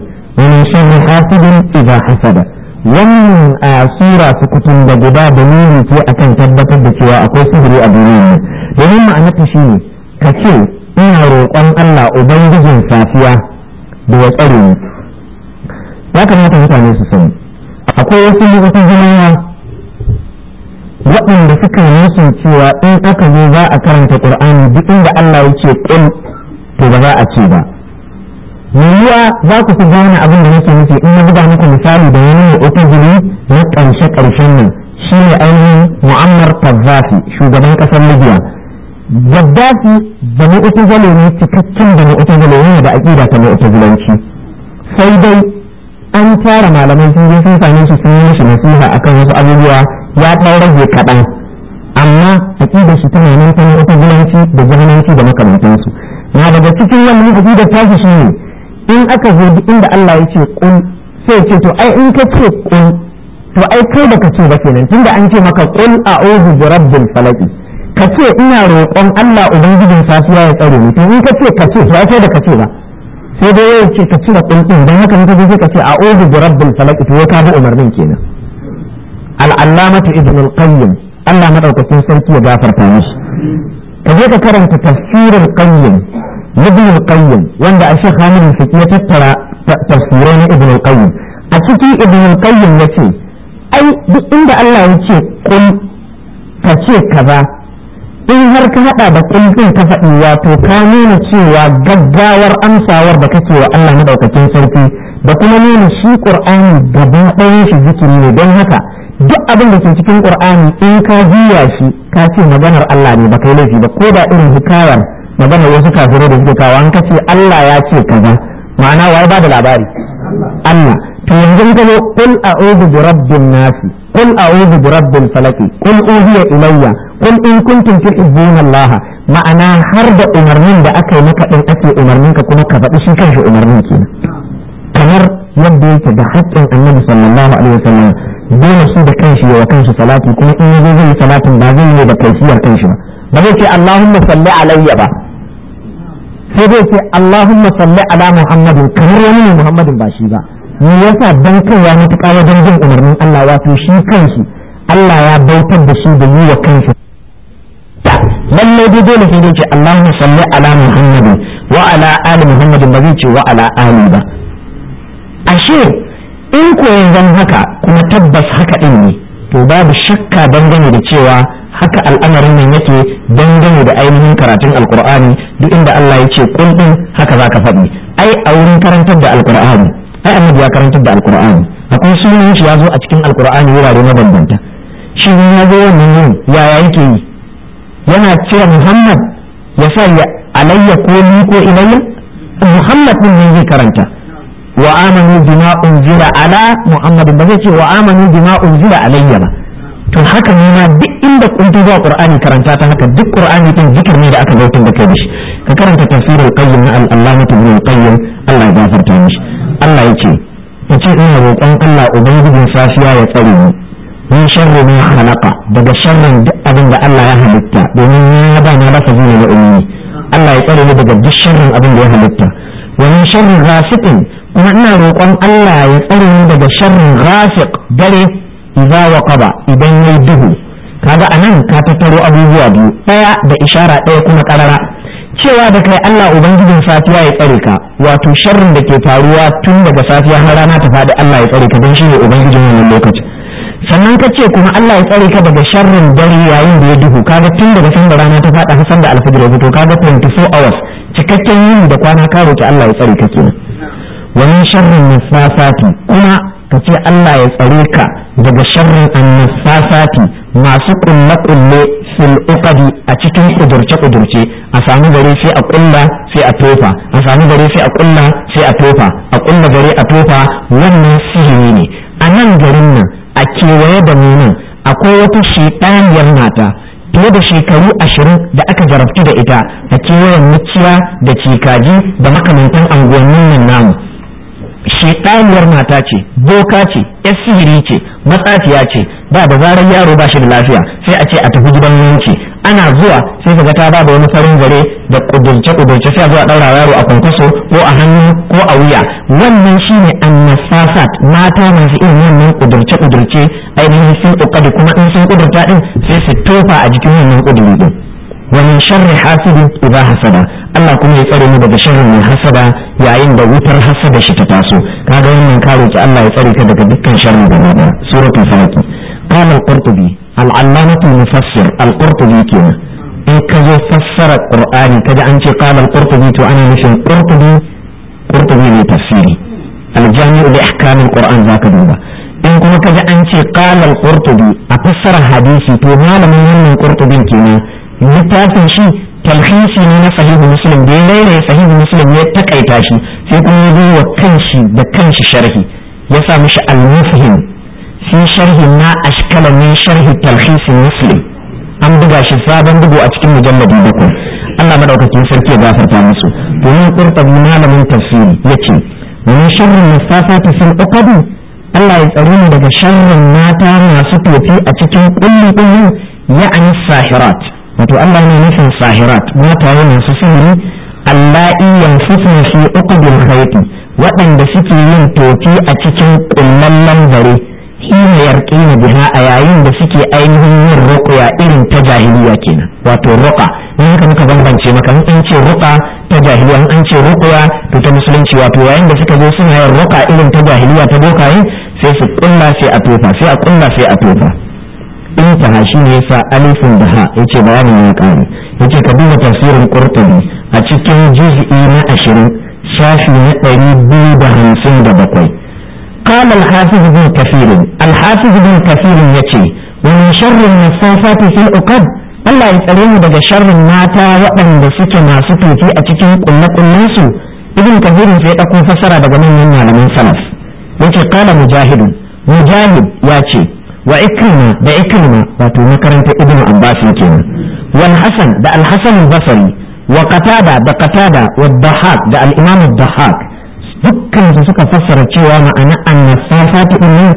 wannan a sura ta kutun da guda da nuni ce akan tabbatar da cewa akwai sihiri a duniya domin ma'anarta shi ne ka ce ina roƙon Allah ubangijin safiya da ya tsare ya kamata mutane su sani akwai wasu lokacin jama'a waɗanda suka yi musu cewa in aka zo za a karanta ƙur'ani duk inda Allah ya ce ƙul to ba za a ce ba yiwuwa za ku fi gane abin da nake nufi in na buga muku misali da wani mai ofizili na ƙarshe ƙarshen nan shi ne ainihin mu'ammar Gaddafi shugaban ƙasar Libya Gaddafi da mu'tazile ne cikakken da mu'tazile ne da aƙida ta mu'tazilanci sai dai an tara malaman sun sun same shi sun yi mishi nasiha akan wasu abubuwa ya ɗan rage kaɗan amma aƙidar shi tana nan tana wata gulanci da gwamnati da makamantansu na daga cikin wannan da tashi shi ne in aka zo inda Allah ya ce kun sai ce to ai in ka ce kun to ai kai baka ce ba kenan tunda an ce maka qul a'udhu bi rabbil falaq ka ce ina roƙon Allah ubangijin safiya ya tsare ni to in ka ce ka ce to ai kai baka ce ba sai dai yau ce ka cire kulkin don haka muka sai ka ce a ozu bi rabbil falaq to ka bi umarnin kenan al'allamatu ibn al-qayyim Allah madaukakin sarki ya gafarta mishi ka je ka karanta tafsirin qayyim ibn al-qayyim wanda a shekha hamid fiqi ya tattara tafsirai na ibn al-qayyim a cikin ibn al-qayyim yace ai duk inda Allah ya ce kun ka ce kaza in har ka haɗa da kulkin ta faɗi wato ka nuna cewa gaggawar amsawar da kake wa Allah na madaukakin sarki da kuma nuna shi qur'ani gaba ɗayan shi zikiri ne don haka duk abin da ke cikin qur'ani in ka juya shi ka ce maganar Allah ne ba kai laifi ba ko da irin hikayar maganar wasu kafirai da suke kawo an ka Allah ya ce kaza ma'ana wai ba da labari Allah to yanzu ka zo kul a'udhu bi rabbin nasi قل أعوذ برب الفلك قل أوهي إلي قل إن كنتم تحبون الله ma'ana har da umarnin da aka yi maka ɗin ake umarnin ka kuma ka faɗi shi kanshi umarnin kenan kamar yadda yake da haƙƙin annabi sallallahu alaihi wasallam dole shi da kanshi yawa kanshi salatu kuma in yazo zai salatin ba zai yi da kaifiyar kanshi ba ba zai ce Allahumma salli alayya ba sai ce Allahumma salli ala kamar wani ne ba shi ba me yasa dan kaiwa matuƙa wajen jin umarnin Allah wato shi kansu? Allah ya bautar da shi da yi wa kanshi lallai dai dole sai dai ce Allahumma salli ala Muhammadin wa ala ali Muhammadin ba zai ce wa ala ali ba ashe in ko zan haka kuma tabbas haka din ne to babu shakka dangane da cewa haka al'amarin nan yake dangane da ainihin karatun alkur'ani duk inda Allah ya ce kun haka zaka faɗi ai a wurin karantar da alkur'ani ai annabi ya karantar da alqur'ani akwai sunan shi ya zo a cikin alqur'ani wurare mabambanta shi ne ya zo wannan yin yaya yake yi yana cewa muhammad ya sa ya alayya ko ni ko ilayya muhammad din ne zai karanta wa amanu bima unzila ala muhammad ba zai ce wa amanu bima unzila alayya ba to haka ne ma duk inda kun zuwa qur'ani karanta ta haka duk qur'ani din zikir ne da aka zautin da kai shi ka karanta tafsirul qayyim na al-allamah ibn al-qayyim Allah ya gafarta mishi Allah yake ya ce ina roƙon Allah ubangijin safiya ya tsare ni min sharri ma khalaqa daga sharrin duk abin da Allah ya halitta domin ya ba na masa zuwa da ummi Allah ya tsare ni daga duk sharrin abin da ya halitta wa min sharri ghasiqin kuma ina roƙon Allah ya tsare ni daga sharrin ghasiq dare idza waqaba idan yayi duhu kaga anan ka tattaro abubuwa biyu daya da ishara daya kuma karara cewa da kai Allah ubangijin safiya ya tsare ka wato sharrin da ke faruwa tun daga safiya har rana ta faɗi Allah ya tsare ka don shi ne ubangijin wannan lokaci sannan ka ce kuma Allah ya tsare ka daga sharrin dare yayin da ya duhu kaga tun daga sanda rana ta faɗa har da alfajir ya fito kaga 24 hours cikakken yini da kwana ka roki Allah ya tsare ka kenan wani sharrin nufafati kuma ka ce Allah ya tsare ka daga sharrin annasasati masu kulle-kulle fil uqadi a cikin kudurce-kudurce a sami gare sai a kulla sai a tofa a sami gare sai a kulla sai a tofa a kulla gare a tofa wannan sihiri ne a nan garin nan a kewaye da mu nan akwai wata shedaniyar mata fiye da shekaru ashirin da aka jarabtu da ita a kewayen muciya da cikaji da makamantan anguwannin nan namu shaidaniyar mata ce boka ce yar sihiri ce matsafiya ce ba da zarar yaro ba shi da lafiya sai a ce a tafi gidan yanki ana zuwa sai ka ga ta ba wani farin zare da kudurce kudurce sai a zuwa daura yaro a kwankwaso ko a hannu ko a wuya wannan shine annasasat mata masu irin wannan kudurce kudurce ainihin sun kokari kuma in sun kudurta din sai su tofa a jikin wannan kuduri din wa sharri hasidin idha hasada Allah kuma ya tsare mu daga sharrin mai hasada yayin da wutar hasada shi ta taso kaga wannan ka roki Allah ya tsare ka daga dukkan sharri gaba daya suratul falaq qala al-qurtubi al-allamatu mufassir al-qurtubi kenan in ka zo fassara qur'ani kaji an ce qala al-qurtubi to ana nufin qurtubi qurtubi ne tafsiri al-jami'u li ahkam al-qur'an zaka duba in kuma kaji an ce qala al-qurtubi a fassara hadisi to malamin wannan qurtubin kenan littafin shi talhisi ne na sahihu muslim da ya raira sahihu muslim ya takaita shi sai kuma ya yi wa kanshi da kanshi sharhi ya sa mishi al-mufhim fi sharhi na ashkala min sharhi talhis muslim an buga shi sabon bugu a cikin mujalladi bakwai Allah madaukakin sarki ya gafarta musu to yin qurtabi malamin tafsiri yace min sharri mustafati fil uqadi Allah ya tsare mu daga sharrin mata masu tofi a cikin kullu kullu ya'ani sahirat wato Allah ne nufin sahirat mataye masu sihiri allai shi uku bin haiti waɗanda suke yin toki a cikin shi ne hina yarqina biha a yayin da suke ainihin yin ruqya irin ta jahiliya kenan wato ruka ne haka muka bambance maka in ce ruqa ta jahiliya in an ce rukuya to ta musulunci wato yayin da suka zo suna yin ruka irin ta jahiliya ta bokaye sai su kunna sai a tofa sai a kunna sai a tofa intaha shi ne yasa alifin da ha yace bayanin ya kare yace ka duba tafsirin qurtubi a cikin juz'i na ashirin shafi na ɗari biyu da hamsin da bakwai قال الحافظ بن كثير الحافظ بن كثير يتي ومن شر النفاثات Allah ya الله يسألهم daga sharrin mata waɗanda suke masu fifi a cikin kullakullan su Ibin kathir sai ɗauko fasara daga manyan malaman salaf yace qala mujahid ya ce. wa ikrima da ikrima wato makarantar ibn abbas kenan wal hasan da al hasan basri wa qatada da qatada wa dhahak da al imam dhahak dukkan su suka fassara cewa ma'ana annasafatu ya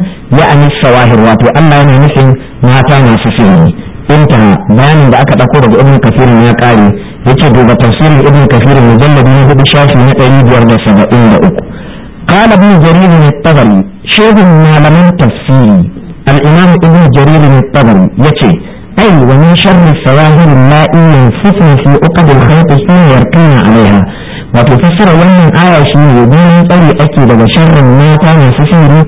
ya'ani shawahir wato Allah yana nufin mata masu sirri inta bayanin da aka dauko daga ibn kafir ya kare yace duba tafsirin ibn kafir mujallad na hudu shafi na 573 قال ابن جرير الطبري شيخ malaman tafsiri. الإمام ابن جرير الطبري يتي أي ومن شر السواهل الماء ينفث في عقد الخيط ثم يركن عليها وتفسر wannan aya shi ne bayan tsari ake daga sharrin mata masu sirri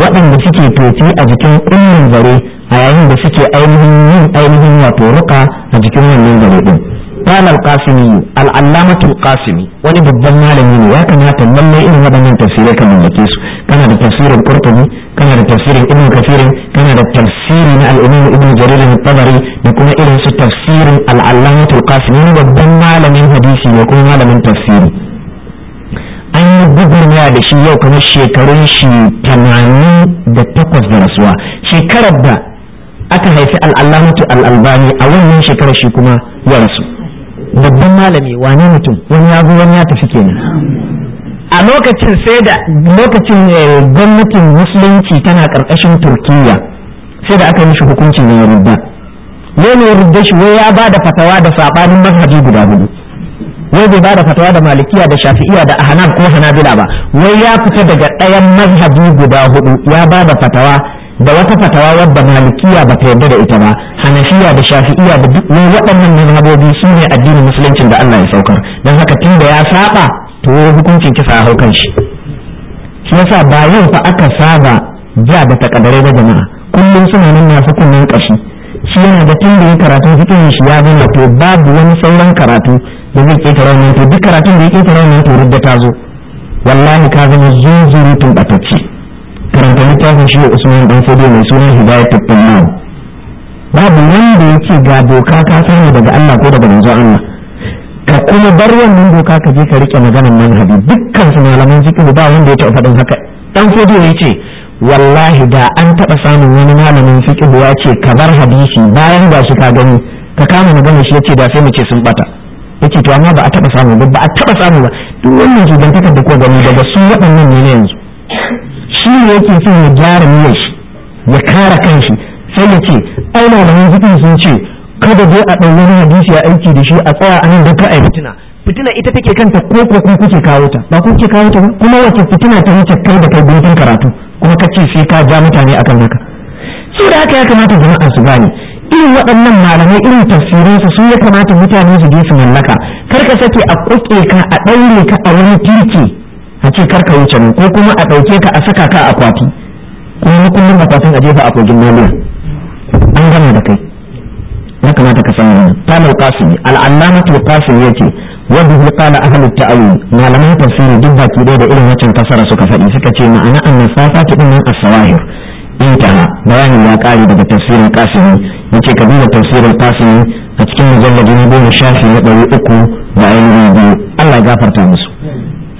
waɗanda suke tofi a jikin ƙullin zare a yayin da suke ainihin yin ainihin wato ruka a jikin wannan zare din قال القاسمي العلامة القاسمي wani babban malami ne ya kamata lallai irin waɗannan tafsirai kan mallake su kana da tafsirin Qurtubi kana da tafsirin ibn kafirin kana da tafsiri na al'umma ibn jarir al-tabari da kuma irin su tafsirin al-allamatul qasimi babban malamin hadisi ne kuma malamin tafsiri an yi gugurmaya da shi yau kamar shekarun shi tamanin da takwas da rasuwa shekarar da aka haifi al'allamatu al'albani a wannan shekarar shi kuma ya rasu babban malami wani mutum wani ya wani ya tafi kenan a lokacin sai da lokacin eh, gwamnatin musulunci tana karkashin turkiya sai da aka mishi hukuncin ya rubda ne ne rubda shi wai ya ba da fatawa da sabanin mazhabi guda hudu wai bai ba da fatawa da malikiya da shafi'iya da ahnaf ko hanabila ba wai ya fita daga ɗayan mazhabi guda hudu ya ba da fatawa da wata fatawa wadda malikiya ba ta yarda da ita ba hanafiya da shafi'iya da duk waɗannan mazhabobi su ne addinin musuluncin da Allah ya saukar don haka tun da ya saɓa. to hukuncin kisa a haukan shi shi yasa ba yau fa aka saba ja da takadare da jama'a kullum suna nan masu kunnan kashi shi yana da tun da ya karatu fikin shi ya zama to babu wani sauran karatu da zai keta raunin to duk karatun da ya keta raunin to rudda ta zo wallahi ka zama zunzuri tun batacce karanta littafin shi usman dan sai mai sunan hidayatul tattalin babu wanda ya ce ga doka ka samu daga Allah ko daga manzon Allah ka kuma bar wannan doka ka je ka rike maganar manhaji dukkan su malaman jikin ba wanda ya taɓa faɗin haka dan fodi ya ce wallahi da an taɓa samun wani malamin fiqh ya ce ka bar hadisi bayan ga shi ka gani ka kama maganar shi yace da sai mu ce sun bata yace to amma ba a taɓa samu ba ba a taɓa samu ba duk wannan shugantakar da ko gani daga su waɗannan ne yanzu shi ne yake son ya gyara niyyar shi ya kare kanshi sai ya ce ai malamin fiqh sun ce kada je a ɗan wani hadisi a aiki da shi a tsaya a nan don ka yi fitina fitina ita take kanta ko ko kun kuke kawo ta ba kuke kawo ta kuma wace fitina ta wuce kai da kai gurbin karatu kuma ka ce sai ka ja mutane akan haka su da haka ya kamata jama'a su gane irin waɗannan malamai irin tafsirin su ya kamata mutane su je su mallaka kar ka sake a kuke ka a ɗaure ka a wani titi a ce kar ka wuce ko kuma a ɗauke ka a saka ka a akwati kuma kullum a akwatin a jefa a kogin maliya an gama da kai الإمام القاسمي العلامة القاسمي يتي وبه قال أهل التأويل ما لم تفسير جدا كده إلى وجه كسر سكفة سكتي معنى أن الصافات إنها السواهر انتهى بيان يا قال daga tafsirin qasimi yace ka duba tafsirin qasimi a cikin mujalladi na goma shafi na ɗari uku da ainihin biyu Allah ya gafarta musu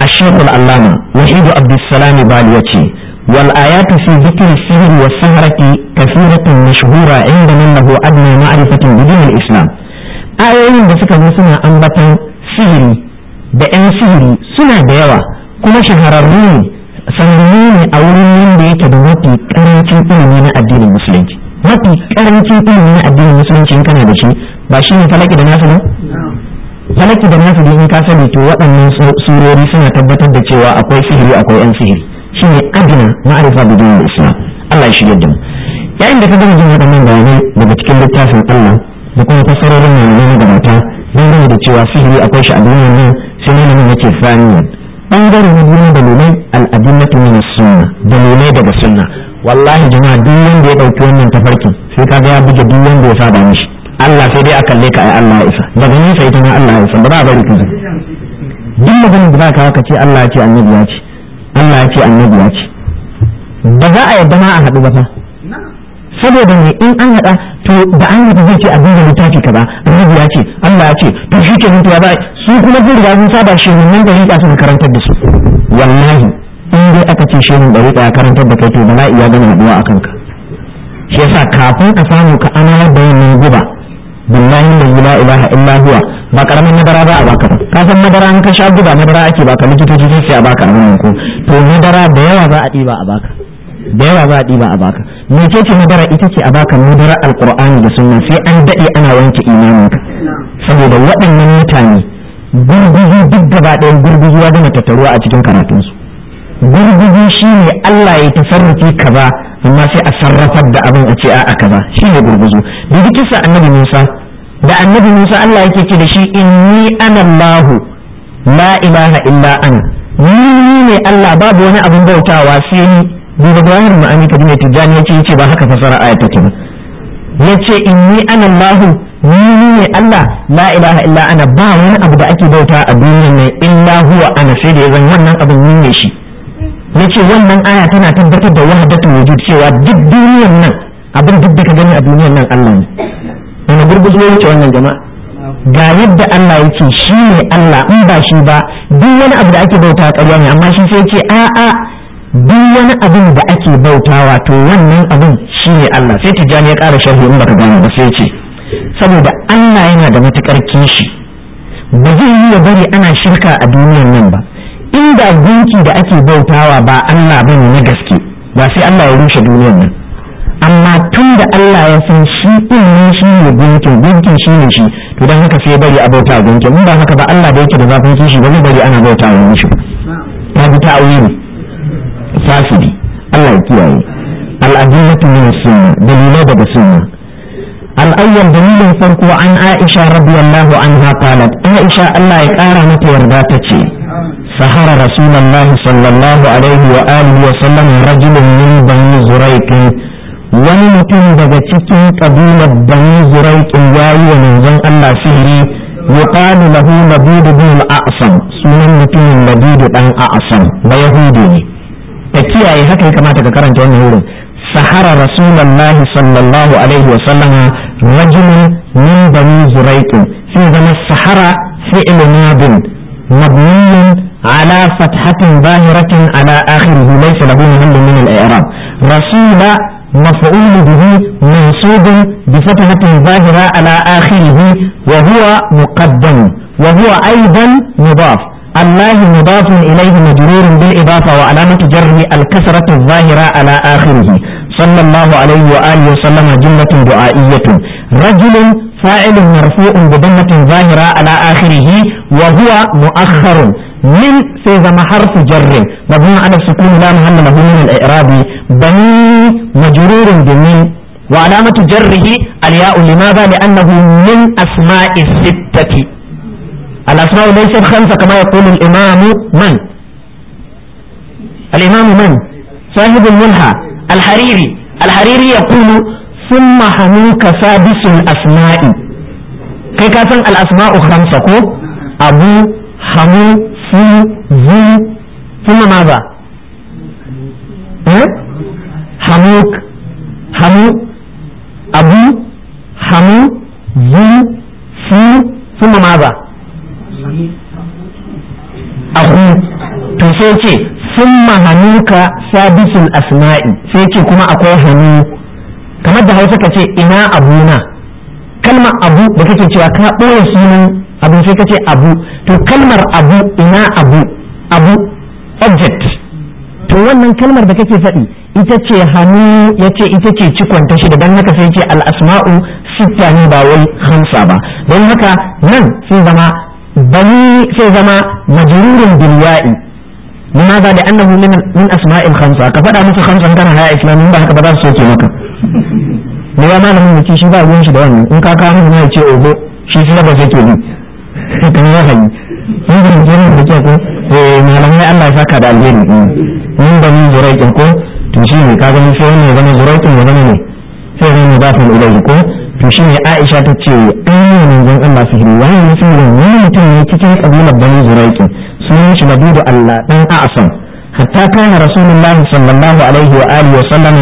الشيخ العلامة وحيد عبد السلام بال يتي والآيات في ذكر السحر والسهرة كثيرة مشهورة عندنا أنه أدنى معرفة بدين الإسلام ayoyin da suka zo suna ambatan sihiri da 'yan sihiri suna da yawa kuma shahararru ne sanannu ne a wurin yadda yake da mafi karancin ilimi na addinin musulunci mafi karancin ilimi na addinin musulunci in kana da shi ba shi ne falaki da nasu falaki da nasu in ka sani to waɗannan surori suna tabbatar da cewa akwai sihiri akwai 'yan sihiri shi ne adina ma'arifa da dinin islam Allah ya shirya da mu yayin da ka gama jin waɗannan bayanai daga cikin littafin Allah da kuma fasarorin malamai da mata dangane da cewa sihiri akwai shi a duniyar nan sai malamin yake faniyan bangare na biyu dalilai al'adillatu suna da dalilai daga suna. wallahi jama'a duk wanda ya ɗauki wannan tafarki sai kaga ya buge duk wanda ya saba mishi Allah sai dai a kalle ka ai Allah ya isa daga nan sai tana Allah ya isa ba za a bari kaza duk maganar da zaka haka ce Allah ya ce annabi ya ce Allah ya ce annabi ya ce ba za a yadda ma a haɗu ba fa saboda ne in an haɗa to da an yi zai ce abin da littafi ka ba annabi ya ce Allah ya ce to shi ke mutuwa ba su kuma sun riga sun saba nan da rika suna karantar da su wallahi in dai aka ce shehun da rika ya karantar da kai to bala'i iya gani haɗuwa a kanka shi yasa kafin ka samu ka ana da yin guba billahi la ilaha illa huwa ba karamin madara ba a baka ba ka san madara an ka sha guba madara ake baka likitoci sai a baka abin nan ko to madara da yawa za a ɗiba a baka da yawa ba a ɗiba a baka me ce ce madara ita ce a baka madara Alkur'ani da sunna sai an daɗe ana wanke imaninka saboda waɗannan mutane gurguzu duk gaba ɗayan gurguzu ya gama tattaruwa a cikin karatunsu gurguzu shi ne Allah ya tasarrufi kaza amma sai a sarrafar da abin a ce a'a kaza ne gurguzu da kisa annabi Musa da annabi Musa Allah yake ce da shi inni ana Allah la ilaha illa ana ni ne Allah babu wani abin bautawa sai ni duba bayanin ma'ani ta duniya tijjani yace yace ba haka fasara aya take ba yace inni ana Allahu ni ne Allah la ilaha illa ana ba wani abu da ake bauta a duniyar nan illa huwa ana sai da zan wannan abin ni ne shi yace wannan aya tana tabbatar da wahdatul wujud cewa duk duniyar nan abin duk da ka gani a duniyar nan Allah ne wani ne wuce wannan jama'a ga yadda Allah yake shi ne Allah in ba shi ba duk wani abu da ake bauta a ƙarya ne amma shi sai ce a'a duk wani abin da ake bautawa to wannan abin shine Allah sai tijjani ya ƙara sharhi in baka gane ba sai ce saboda Allah yana da matukar kishi ba zai yi ya bari ana shirka a duniyar nan ba inda gunki da ake bautawa ba Allah ne na gaske ba sai Allah ya rushe duniyar nan amma tun da Allah ya san shi din ne shi ne gunkin gunkin shi ne shi to dan haka sai bari a bauta gunkin in ba haka ba Allah da yake da zafin kishi ba zai bari ana bauta gunkin shi ba ta bi ta'awili fasidi Allah ya kiyaye al'adillatu min sunna dalilai daga sunna al'ayyar dalilin farko an aisha radiyallahu anha qalat aisha Allah ya kara mata yarda ta ce sahara rasulullahi sallallahu alaihi wa alihi wa sallam rajulun min bani zuraiqin wani mutum daga cikin kabilar bani zuraiqin yayi wa manzon Allah sihiri يقال له لبيد بن الأعصم سنن متين لبيد بن أعصم بيهودي ka kiyaye haka ya kamata ka karanta wannan wurin sahara rasulullah sallallahu alaihi wa sallama rajulun min bani zuraiq sai zama sahara fi'l madin mabniyun على فتحة ظاهرة على آخره ليس له محل من الإعراب رسول مفعول به منصوب بفتحة ظاهرة على آخره وهو مقدم وهو أيضا مضاف الله مضاف إليه مجرور بالإضافة وعلامة جره الكسرة الظاهرة على آخره صلى الله عليه وآله وسلم جملة دعائية رجل فاعل مرفوع بضمة ظاهرة على آخره وهو مؤخر من سيزم حرف جر مبني على السكون لا محل له من الإعراب بني مجرور بمن وعلامة جره الياء لماذا لأنه من أسماء الستة الأسماء ليست خمسة كما يقول الإمام من الإمام من صاحب المنهى الحريري الحريري يقول ثم حموك سادس الأسماء كي كاتن الأسماء خمسة كو أبو حمو سي زي ثم ماذا حموك حمو أبو حمو زي سي ثم ماذا ahu to sai ce sun mahanuka sabisul asma'i sai ce kuma akwai hannu kamar da hausa ka ce ina abuna kalmar abu da kake cewa ka ɓoye sunan abu sai ka ce abu to kalmar abu ina abu abu object to wannan kalmar da kake faɗi ita ce hannu ya ce ita ce cikon ta shida dan haka sai ce al'asma'u sitta ne ba wai hamsa ba don haka nan sun zama Bani sai zama majiririn bin wa'i na maza da annabu min asma'il hamsa ka faɗa musu hamsan karaya a islam mun ba haka ba za su sauke maka. Mai a malamin mu ke shi ba abun shi ba ne in kakararun ya <laughs> yi ce ogo shi suna ba zai tsebe kama ya sanyi mun binciya ne mu bikin ko. Eh, Muna namai Allah ya sa da albino. Hmm. Mun ba mu zoro ko tun shi ne kaza ne tsohon ne ba na zoro tun ne sai ra ne za su ko. to ne Aisha ta ce ayyuka manzon Allah sihiri wani mutum ne wani mutum ne cikin kabilar Bani zuraiki sunan shi Madudu Allah dan A'sam hatta kana Rasulullah sallallahu alaihi wa alihi wa sallam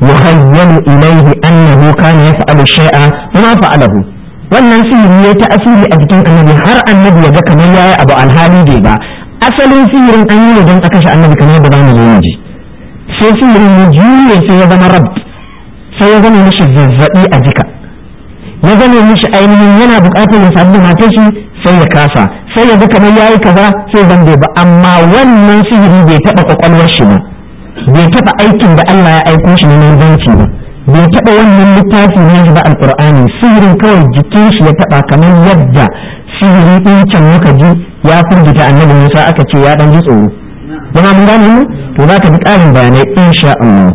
yuhayyalu ilayhi annahu kana yaf'alu shay'a ma fa'alahu wannan sihiri ne ta asiri a jikin annabi har annabi ya ga kamar yayi abu alhali bai ba asalin sihirin an yi don a kashe annabi kamar da zamu zo mu ji sai sihirin ya juye sai ya zama rab sai ya zama mishi zazzabi a jika ya zame mishi ainihin yana bukatar ya sami matar shi sai ya kasa sai ya ga kamar yayi kaza sai zan bai ba amma wannan sihiri bai taba kwakwalwar shi ba bai taba aikin da Allah ya aiko shi na manzanci ba bai taba wannan littafi na shi ba alkur'ani sihirin kawai jikin shi ya taba kamar yadda sihiri ɗin can muka ji ya furgita annabi Musa aka ce ya ɗan ji tsoro zama mun gane mu to za ka bi ƙarin bayanai insha Allah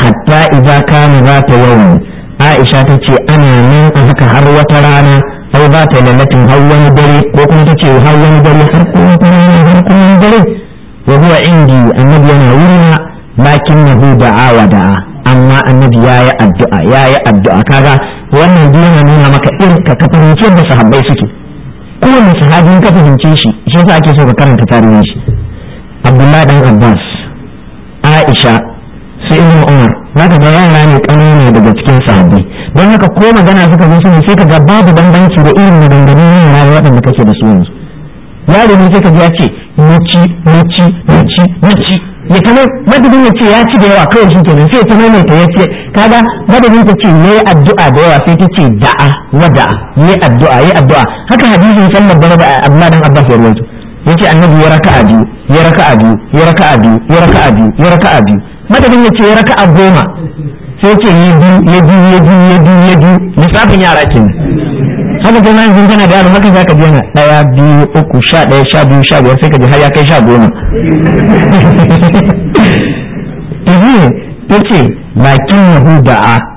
hatta idza kana ta yawmi aisha ta ce ana nan a haka har wata rana har ba ta lalatin har wani dare ko kuma ta ce har wani dare har kuma ta rana har kuma wani dare wa zuwa indi annabi yana wurina lakin nahu da'a wa da'a amma annabi ya yi addu'a ya yi addu'a kaga wannan duk yana nuna maka irin ka fahimci yadda sahabbai suke kowane sahabin ka fahimce shi shi yasa ake so ka karanta tarihin shi abdullahi dan abbas aisha su ibn umar zaka ga yara ne ƙanana daga cikin sahabbai don haka ko magana suka zo sun sai ka ga babu bambanci da irin maganganun yara waɗanda kake da su yanzu yaro ne sai ka ya ce muci maci maci maci ya kamar madadin ya ce ya ci da yawa kawai shi kenan sai ta maimaita ya ce kaga madadin ta ce yayi addu'a da yawa sai ta ce da'a wa da'a yayi addu'a yayi addu'a haka hadisin sallar da Abdullah dan Abbas ya rawaito yace annabi ya raka'a biyu ya raka'a biyu ya raka'a biyu ya raka'a biyu ya raka'a biyu madadin ya ce a goma sai ce yi biyu ya biyu ya biyu ya biyu ya biyu lissafin yara ke haka ko na yanzu kana da yaro haka zaka ji yana daya biyu uku sha daya sha biyu sha biyar sai ka ji har ya kai sha goma <laughs> ya ce lakin yahu a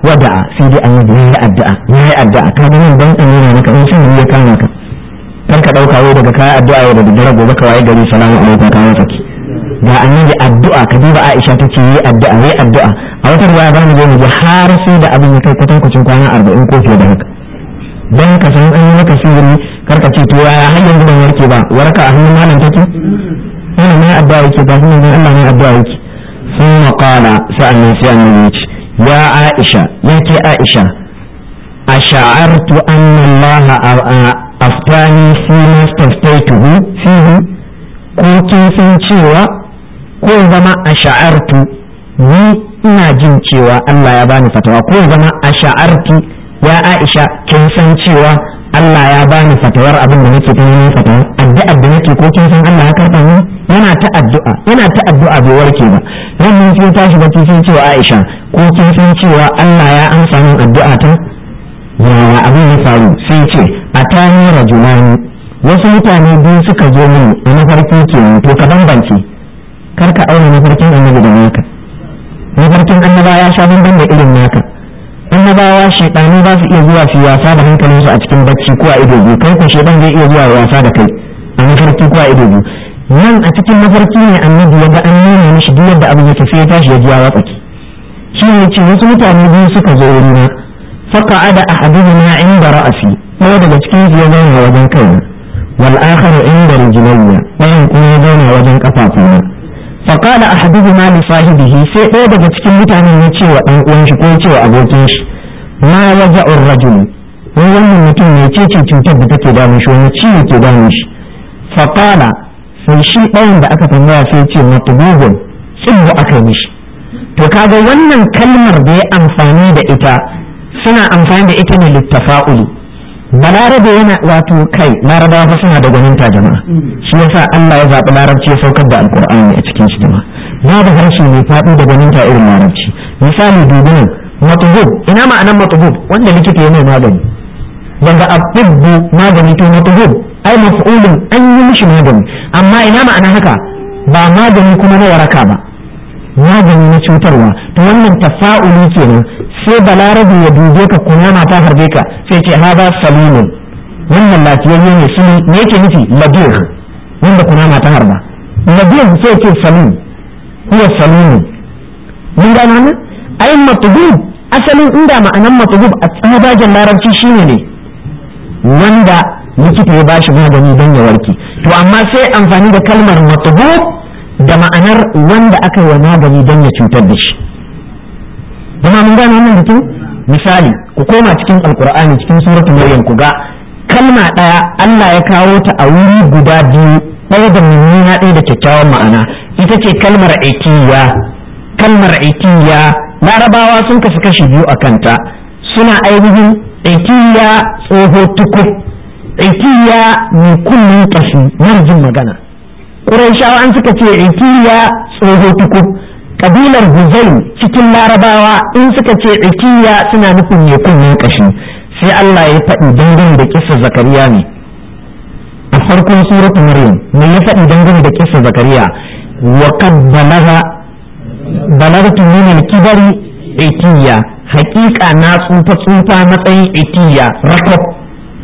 wada a sai dai annabi ya yi addu'a ya yi addu'a ka ga nan dan tsanina maka in sun ya kama ka kar ka dauka wai daga kayan addu'a yau da dare gobe ka waye gari salamu alaikum ka masa ki ga annabi addu'a ka duba Aisha take yi addu'a yi addu'a a wata ruwaya ba mu je mu ji har sai da abin ya kai kwatankwacin kwana arba'in ko fiye da haka dan ka san an yi maka shiri kar ka ce to ya har yanzu ban warke ba waraka a hannun malam take wannan mai addu'a yake ba kuma ne Allah ne addu'a yake sun qala sa'annan sai annabi ya ce ya Aisha ya Aisha ash'artu anna Allah aftani fi ma staftaytuhu fihi ko kin san cewa ko zama a sha'artu ni ina jin cewa Allah ya bani fatawa ko zama a sha'artu ya Aisha kin san cewa Allah ya bani fatawar abin da nake tunanin fatawa Addu'a da nake ko kin san Allah ya karba ni yana ta addu'a yana ta addu'a bai warke ba nan mun kin tashi ba kin cewa Aisha ko kin san cewa Allah ya amsa min addu'a ta yaya abin ya faru sai ce a atani rajulani wasu mutane biyu suka zo min na farko kenan to ka bambance kar ka na mafarkin annabi da naka mafarkin annaba ya sha bamban da irin naka annabawa shaitanu ba su iya zuwa su wasa da hankalinsu a cikin bacci ko a ido biyu kai ko shaitan zai iya zuwa wasa da kai a mafarki ko a ido biyu nan a cikin mafarki ne annabi ya ga an nuna mishi duk yadda abin yake sai ya tashi ya ji watsaki shi ne ce wasu mutane biyu suka zo wurina faka ada na inda ra'asi ɗaya daga cikin su ya zauna wajen kai wal akharu inda rijlayya ɗayan kuma ya zauna wajen kafafuna faƙala a hadu ma da sahibihi sai ɗaya daga cikin mutane ya ce wa ɗan uwan shi ko ya ce wa abokin shi ma ya ja un wannan mutum ne ce ce cutar da take damun shi wani ciwo faƙala sai shi ɗayan da aka tambaya sai ce na tugugun tsibbu aka yi shi. to kaga wannan kalmar da ya amfani da ita suna amfani da ita ne littafa'uli balarabe yana wato kai Laraba ba suna da gwaninta jama'a mm. shi yasa Allah ya zaɓi larabci ya saukar da Alkur'ani a cikin shi jama'a da harshe mai faɗi da gwaninta irin larabci misali dubi nan matubub ina ma'anar matubub wanda likita ya mai magani daga abubbu magani to matubub ai mafi'ulin an yi mishi magani amma ina ma'ana haka ba magani kuma na waraka ba magani na cutarwa to wannan tafa'uli kenan sai balarabi ya dube ka kunama ta harbe ka sai ce ba salumun wannan lafiyayye ne sun ne yake nufi labir wanda kunama ta harba labir sai ce salun huwa salumun mun gano wannan ai matubub asalin inda ma'anan matubub a tsabagen larabci shine ne wanda likita ya bashi magani don ya warke to amma sai amfani da kalmar matubub da ma'anar wanda aka yi wa magani don ya cutar da shi kuma mun gane wannan bikin misali ku koma cikin alkur'ani cikin suratu maryam ku ga kalma ɗaya Allah ya kawo ta a wuri guda biyu ɗaya da mummuna ɗaya da kyakkyawan ma'ana ita ce kalmar aikiya. kalmar aikiya larabawa sun kasu kashi biyu a kanta suna ainihin aikiya tsoho tuku aikiya mai kunnen kashi nan jin magana Ƙur'anshawa an suka ce aikiya tsoho tuku kabilar Huzain cikin larabawa in suka ce ikiya suna nufin ya kunnen kashi sai Allah ya faɗi dangane da kisa zakariya ne a farkon suratu maryam mai ya faɗi dangane da kisa zakariya wa kan balaga balagatu min kibari ikiya haƙiƙa na tsufa tsufa matsayin ikiya rakab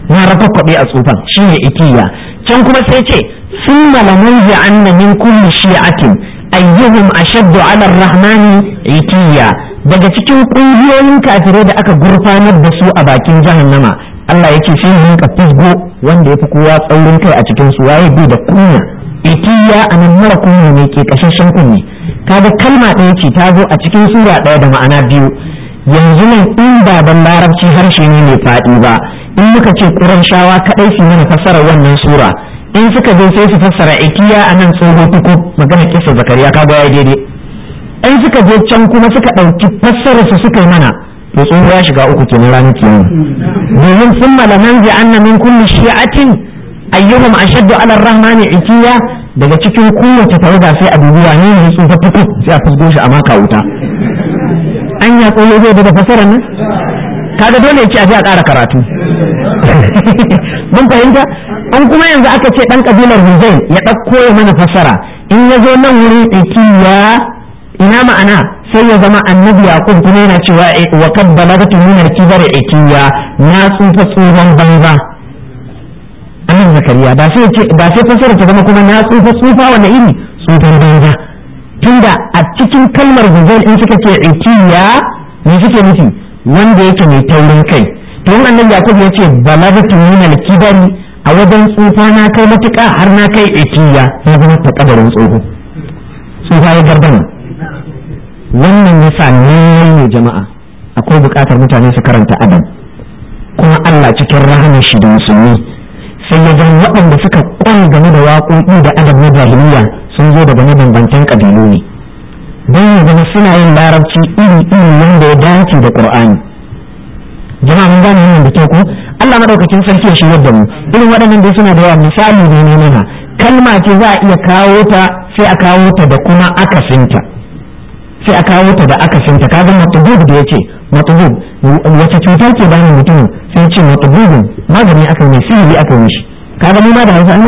na rakakwabe a tsufan shine ikiya can kuma sai ce sun malaman ya'anna min kulli shi'atin ayyuhum ashaddu ala rahmani itiya daga cikin ƙungiyoyin kafirai da aka gurfanar da su a bakin jahannama Allah yake shi ne ka fisgo wanda ya fi kowa tsaurin kai a cikin su waye bi da kunya itiya a nan mara kunya ne ke kashashen kunne kaga kalma ɗaya ce ta zo a cikin sura ɗaya da ma'ana biyu yanzu nan in ba ban larabci harshe ne mai faɗi ba in muka ce shawa kaɗai su mana fassarar wannan sura in suka je sai su fassara ikiya a nan tsoho tuku magana kisa zakariya ka ga daidai in suka je can kuma suka ɗauki fassara su suka yi mana to tsoho ya shiga uku kenan ranar kiyama domin sun malaman ji anna min kulli shi'atin ayyuhum ashaddu ala ar-rahmani ikiya daga cikin ta tawaga sai a dubi wane ne sun fa tuku sai a fusgo shi a maka wuta an ya tsoho zai da fassara nan kaga dole yake a je a ƙara karatu <laughs> mun fahimta an kuma yanzu aka ce dan kabilar Huzayl ya ɗauko ya mana fassara in ya zo nan wurin ikiya ina ma'ana sai ya zama annabi yaqub kuma yana cewa eh, wa kabbala, balagatu min al-kibari ikiya na tsufa tsohon banza annabi zakariya ba sai ba sai fassara ta zama kuma na tsufa tsufa wanda iri tsufan banza tunda a cikin kalmar Huzayl in kika ce ikiya ne suke nufi wanda yake mai taurin kai to in annabi yakub ya ce Bala zai al-kibari a wajen tsufa na kai matuƙa har na kai itiya na zama ta kabarin tsoho tsufa ya gardama wannan yasa ne jama'a akwai buƙatar mutane su karanta adam kuma Allah cikin rahamin shi da musulmi sai ya zama waɗanda suka kwan game da waƙoƙi da adam na jahiliya sun zo daga mabambantan ƙabilu ne don ya zama suna yin larabci iri iri wanda ya dace da ƙur'ani jama'a mun gane wannan da ko Allah madaukakin sarki ya shigar da mu irin waɗannan dai suna da yawa misali ne ne mana kalma ce za a iya kawo ta sai a kawo ta da kuma akasinta sai a kawo ta da akasinta kaga matubub da yace matubub wace cuta ke bani mutum sai ce matububin magani aka yi sihiri aka yi shi ga mu ma da hausa an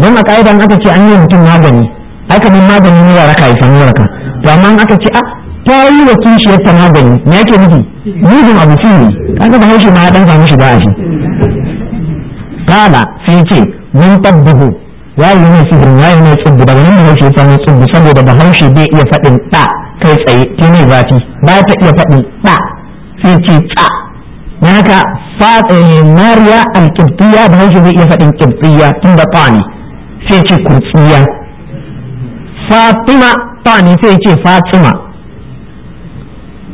nuna faɗan don a an aka ce an yi mutum magani aka kamar magani ne ya raka ya samu raka to amma aka ce a ah, ta yi wa kishiyarta magani me yake nufi mugun abu fi ne kaga ba haushi ma ya dan samu shiga a shi kala sai ce mun tabbahu ya yi mai sihirin ya yi mai tsibbu daga nan bahaushe ya samu tsibbu saboda bahaushe bai iya faɗin ɗa kai tsaye ta mai zafi ba ta iya faɗin ɗa sai ce tsa na ka fatsaye eh, mariya alƙibtiya bahaushe bai iya faɗin ƙibtiya tun da ta ne sai ce kurtsiya fatima ta ne sai ce fatima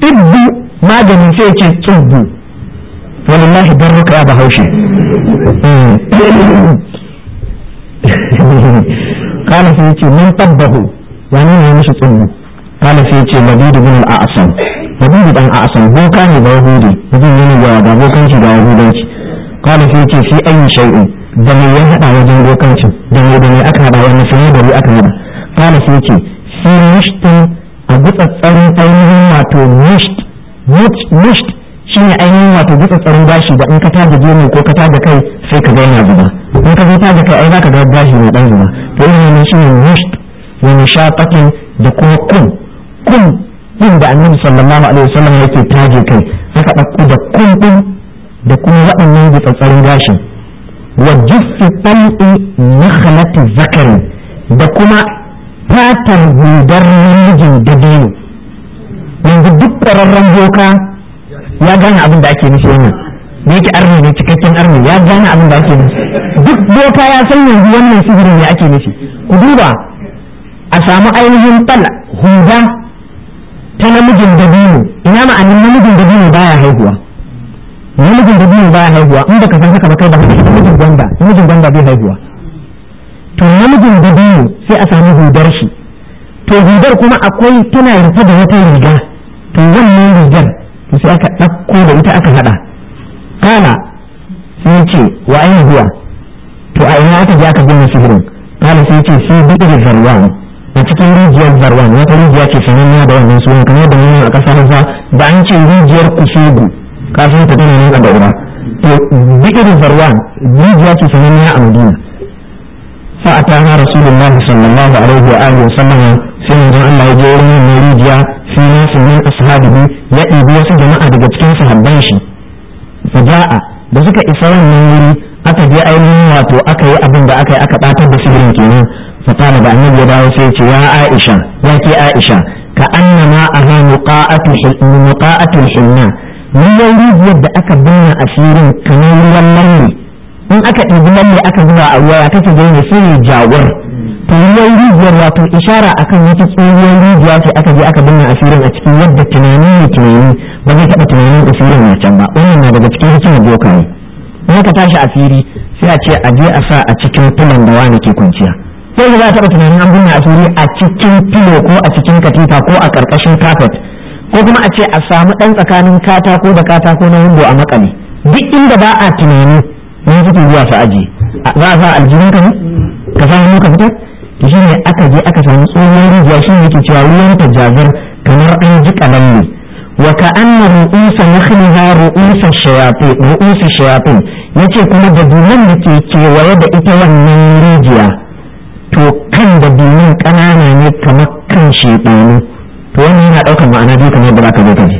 ibbu maganin sai ce tsubbu wallahi dan ruka ba haushi <laughs> kana sai ce mun tabbahu wani ne mishi tsubbu kala sai ce labidu bin al labidu dan a'sam boka ne ba yahudi mutum yana ga ga bokanci ga yahudanci kala sai ce fi ayi shay'in da mai ya hada wajen bokancin da mai da mai aka hada wani sai da aka hada kala sai ce fi mushtin gutsatsarin ainihin wato nisht nisht shi ne ainihin wato gutsatsarin gashi da in ka taga gemu ko ka taga kai sai ka ga yana zuba in ka zo taga kai ai za ga gashi na dan zuba to irin ne shi ne nisht wa nishaqatin da kuma kun kun din da annabi sallallahu alaihi wasallam yake taje kai aka ɗauko da kun din da kuma waɗannan gutsatsarin gashin wa juffi tal'i nakhlati zakari da kuma fatar gudar namijin da biyu yanzu duk ƙwararren boka ya gane abin da ake nufi wannan da yake arni ne cikakken arni ya gane abin da ake nufi duk boka ya san yanzu wannan sihiri ne ake nufi ku duba a samu ainihin tal huda ta namijin da biyu ina ma'anin namijin da biyu baya haihuwa namijin da biyu baya haihuwa in baka san haka ba kai ba namijin gwanda namijin gwanda bai haihuwa to namijin dabino sai a sami hudar shi to hudar kuma akwai tana rufe da wata riga to wannan rigar to sai aka ɗauko da ita aka haɗa kana sai ce wa ainihin huwa to a ina aka je aka gina sihirin kana sai ce sai duk da zarwan a cikin rijiyar zarwan wata rijiya ce sananniya da wannan suna kamar yadda nuna a ƙasar hausa da an ce rijiyar kusugu kafin ta tana nan da daura. to bikin zarwan rijiya ce sananniya a madina فأتانا رسول الله صلى الله عليه وآله وسلم جاء الله يجيرنا مريديا في ناس من أصحابه يأتي بيس جماعة بجتكين سهباشي فجاء بذلك إسرائيل من wuri aka je ainihin wato aka yi abin da aka yi aka ɓatar da sigirin kenan fatala da annabi ya dawo sai ce ya aisha ya ke aisha ka annama aha muqa'atul hinna mun yau rijiyar da aka binne asirin kamar ruwan lalle in aka ɗibi nan ne aka zuba a ruwa ya kake gani sai ya jawar to rijiyar wato ishara akan wata tsohuwar rijiya ce aka je aka binne asirin a cikin yadda tunani ne tunani ba zai taɓa tunanin asirin na can ba wannan na daga cikin hikimar boka ne in ka tashi asiri sai a ce a je a sa a cikin tunan da wani ke kwanciya sai za a taɓa tunanin an binne asiri a cikin filo ko a cikin katifa ko a ƙarƙashin kafet ko kuma a ce a samu ɗan tsakanin katako da katako na windo a makale duk inda ba a tunani wani fito zuwa su aji za a sa aljihun ka ne ka sa hannu ka fitar shi ne aka je aka samu tsohon rijiya ne yake cewa ruwan ta jazar kamar an ji ne wa ka anna ru'usa nakhliha ru'usa shayatin ru'usa ya ce kuma da dunan da ke kewaye da ita wannan rijiya to kan da dunan kanana ne kamar kan shekaru to wannan yana daukar ma'ana biyu kamar da ka zo ka ji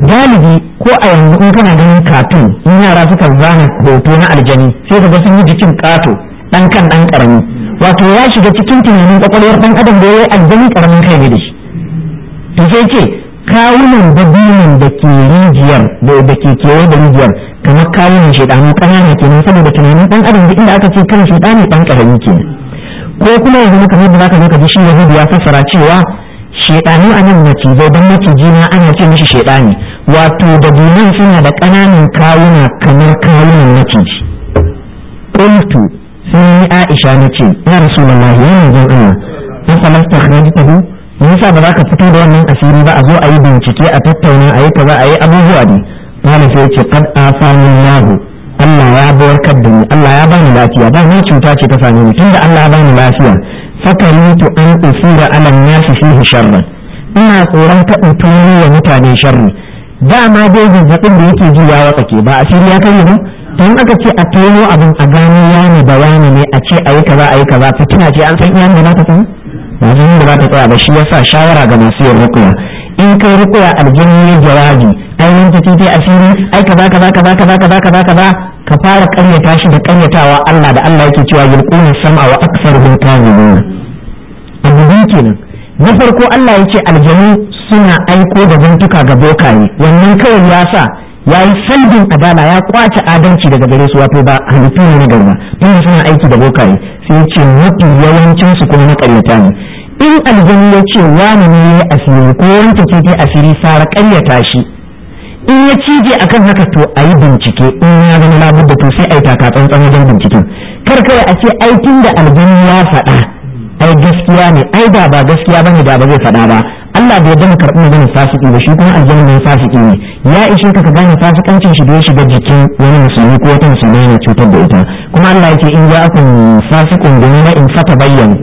galibi ko a yanzu in kana ganin katun in yara suka zana hoto na aljani sai ka ga sun yi jikin kato dan kan dan karami wato ya shiga cikin tunanin kwakwalwar dan adam da yayi aljani karamin kai ne da shi to sai ce kawunan dabinin da ke rijiyar da ke kewaye da rijiyar kamar kawunan shaidanu ƙanana kenan saboda tunanin dan adam da inda aka ce kan shaidani dan karami kenan ko kuma yanzu kamar da zaka zo ka ji shi ya fassara cewa shedanu a nan macizai don maciji ma ana ce mishi shedani wato da dunan suna da ƙananan kawuna kamar kawunan maciji ƙultu sun yi aisha nace ya rasulullahi ya ana Allah salasta falasta khrajtahu me yasa ba za ka fito da wannan asiri ba a zo a yi bincike a tattauna a yi kaza a yi abubuwa ne malam sai ce a afani yahu Allah ya bayar da ni Allah ya bani lafiya ba ni cuta ce ta same ni tunda Allah ya bani lafiya fakalitu an usira alam nasi fihi sharran ina tsoron kaɗin tuni wa mutane sharri dama dai zazzabin da yake ji ya watsake ba asiri ya kai ba to aka ce a tono abin a gano yana da wani ne a ce ayi kaza ayi kaza fitina ce an san iyayen da za ta tsaya ba san da za ta tsaya ba shi yasa shawara ga masu yin rukuya in kai rukuya aljinni ya jawabi ainihin ta titi asiri ai kaza kaza kaza kaza kaza kaza kaza ka fara karyata shi da karyatawa Allah da Allah yake cewa yulquna sam'a wa aktsaruhum kadhibun abu kenan na farko Allah ya ce aljanu suna aiko da bintuka ga bokaye wannan kawai ya sa ya yi salbin adala ya kwace adalci daga gare su wato ba halittu ne na garba inda suna aiki da bokaye sai ce mafi yawancin su kuma na karyata ne in aljanu ya ce wani ne ya asiri ko wanda ke ta asiri sara karyata shi in ya cije akan haka to a yi bincike in ya zama da to sai a yi taka tsantsan wajen binciken kar kawai a ce aikin da aljanu ya faɗa ai gaskiya ne ai da ba gaskiya bane da ba zai faɗa ba Allah bai da karɓi ne fasiki ba shi kuma aljanna ne fasiki ne ya ishe ka ka gane fasikancin shi da ya shiga jikin wani musulmi ko wata musulmi ne cutar da ita kuma Allah yake in akun fasikun ne in fata bayyana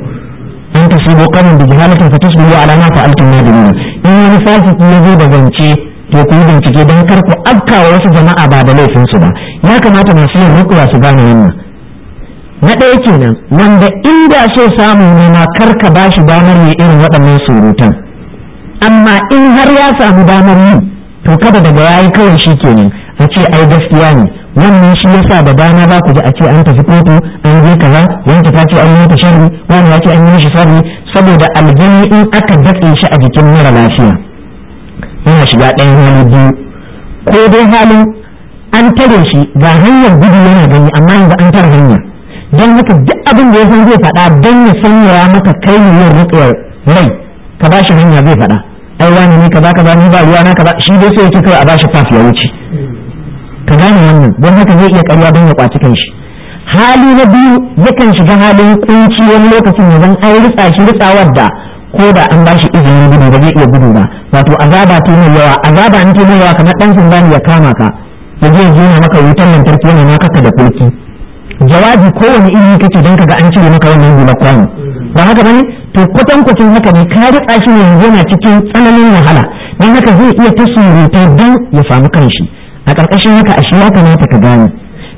an tasibu qawman bi jahalatin fatusbihu ala ma da nadimin in wani fasiki ya zo da zance to ku bincike dan kar ku wasu jama'a ba da laifinsu ba ya kamata masu yin rukuwa su gane wannan na ɗaya kenan wanda inda so samu ne ma karka ba shi damar ya irin waɗannan surutan amma in har ya samu damar yi to kada daga yayi kawai shi kenan a ce ai gaskiya ne wannan shi yasa da dana ba ku ji a ce an tafi kotu an je kaza wanda ta ce an yi ta sharri wani ya ce an yi shi sharri saboda aljini in aka datse shi a jikin mara lafiya yana shiga ɗayan hali biyu ko dai halin an tare shi ga hanyar gudu yana gani amma yanzu an tare hanyar don haka duk abin da ya san zai faɗa don ya sanyaya maka kai yin rutsiyar mai ka ba shi hanya zai faɗa ai wani ne ka kaza ni ba ruwa na ba. shi dai sai yake kai a ba shi fas ya wuce ka gane wannan don haka zai iya ƙarya don ya kwaci kan shi hali na biyu yakan shiga halin kunci wani lokacin ne don an ritsa shi ritsawar da ko da an ba shi izinin gudu ba zai iya gudu ba wato azaba ta mai yawa azaba ta mai yawa kamar ɗan bani ya kama ka ya je ya maka wutar lantarki yana maka da kulki jawabi kowane ilimi kake don ga an cire maka wannan gula kwano ba haka bane to kwatankwacin haka ne ka riƙa shi ne yana cikin tsananin wahala don haka zai iya ta surutar don ya samu kanshi a ƙarƙashin haka a shi ya kamata ka gane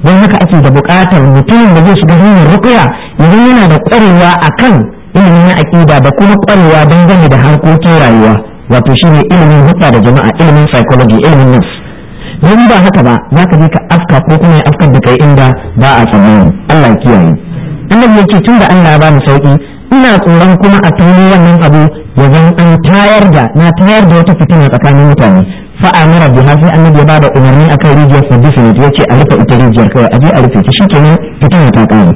don haka ake da buƙatar mutumin da zai shiga hanyar rukuya idan yana da ƙwarewa akan ilimin na aƙida da kuma ƙwarewa dangane da harkokin rayuwa wato shine ilimin hutsa da jama'a ilimin psychology ilimin nafs wani ba haka ba za ka je ka afka ko kuma ya afkar da kai inda ba a tsammani Allah ya kiyaye annabi yake tun da Allah ba mu sauki ina tsoron kuma a tauni wannan abu ya an tayar da na tayar da wata fitina tsakanin mutane fa amara biha sai annabi ya bada umarni akan rijiyar sa definite yace a rufe ita rijiyar kawai aje a rufe ta shikenan fitina ta kare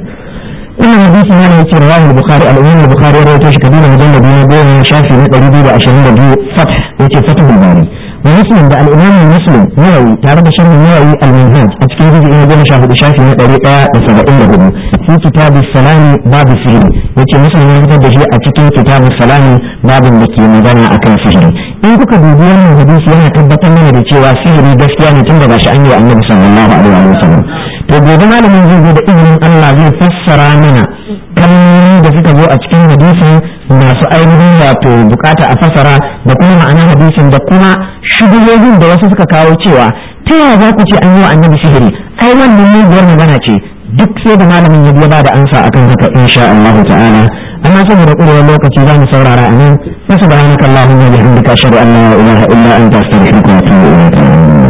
wannan hadisi ne yake rawahu al-bukhari al-imam al bukari ya rawaito shi kabila mujallad na goma shafi na 222 fath yace muslim da al'imamu muslim nawawi tare da sharhin nawawi al-manhaj a cikin jiji na goma sha hudu shafi na ɗari ɗaya da saba'in da hudu fi kitabu salami babu sihiri yace muslim ya fitar da shi a cikin kitabu salami babin da ke magana akan sihiri in kuka dubi wannan hadisi yana tabbatar mana da cewa sihiri gaskiya ne tun daga shi an yi annabi sallallahu alaihi wa sallam to gobe malamin zai zo da izinin Allah zai fassara mana kalmomin da suka zo a cikin hadisin masu ainihin wato bukata a fasara da kuma ma'ana hadisin da kuma shubuhohin da wasu suka kawo cewa ta yaya za ku ce an yi wa annabi sihiri ai wannan biyar magana ce duk sai da malamin ya biya ba da ansa akan haka insha Allah ta'ala amma saboda kurewar lokaci za mu saurara a nan wasu subhanakallahumma wa ka shari'a an la ilaha illa ta astaghfiruka wa atubu ilayk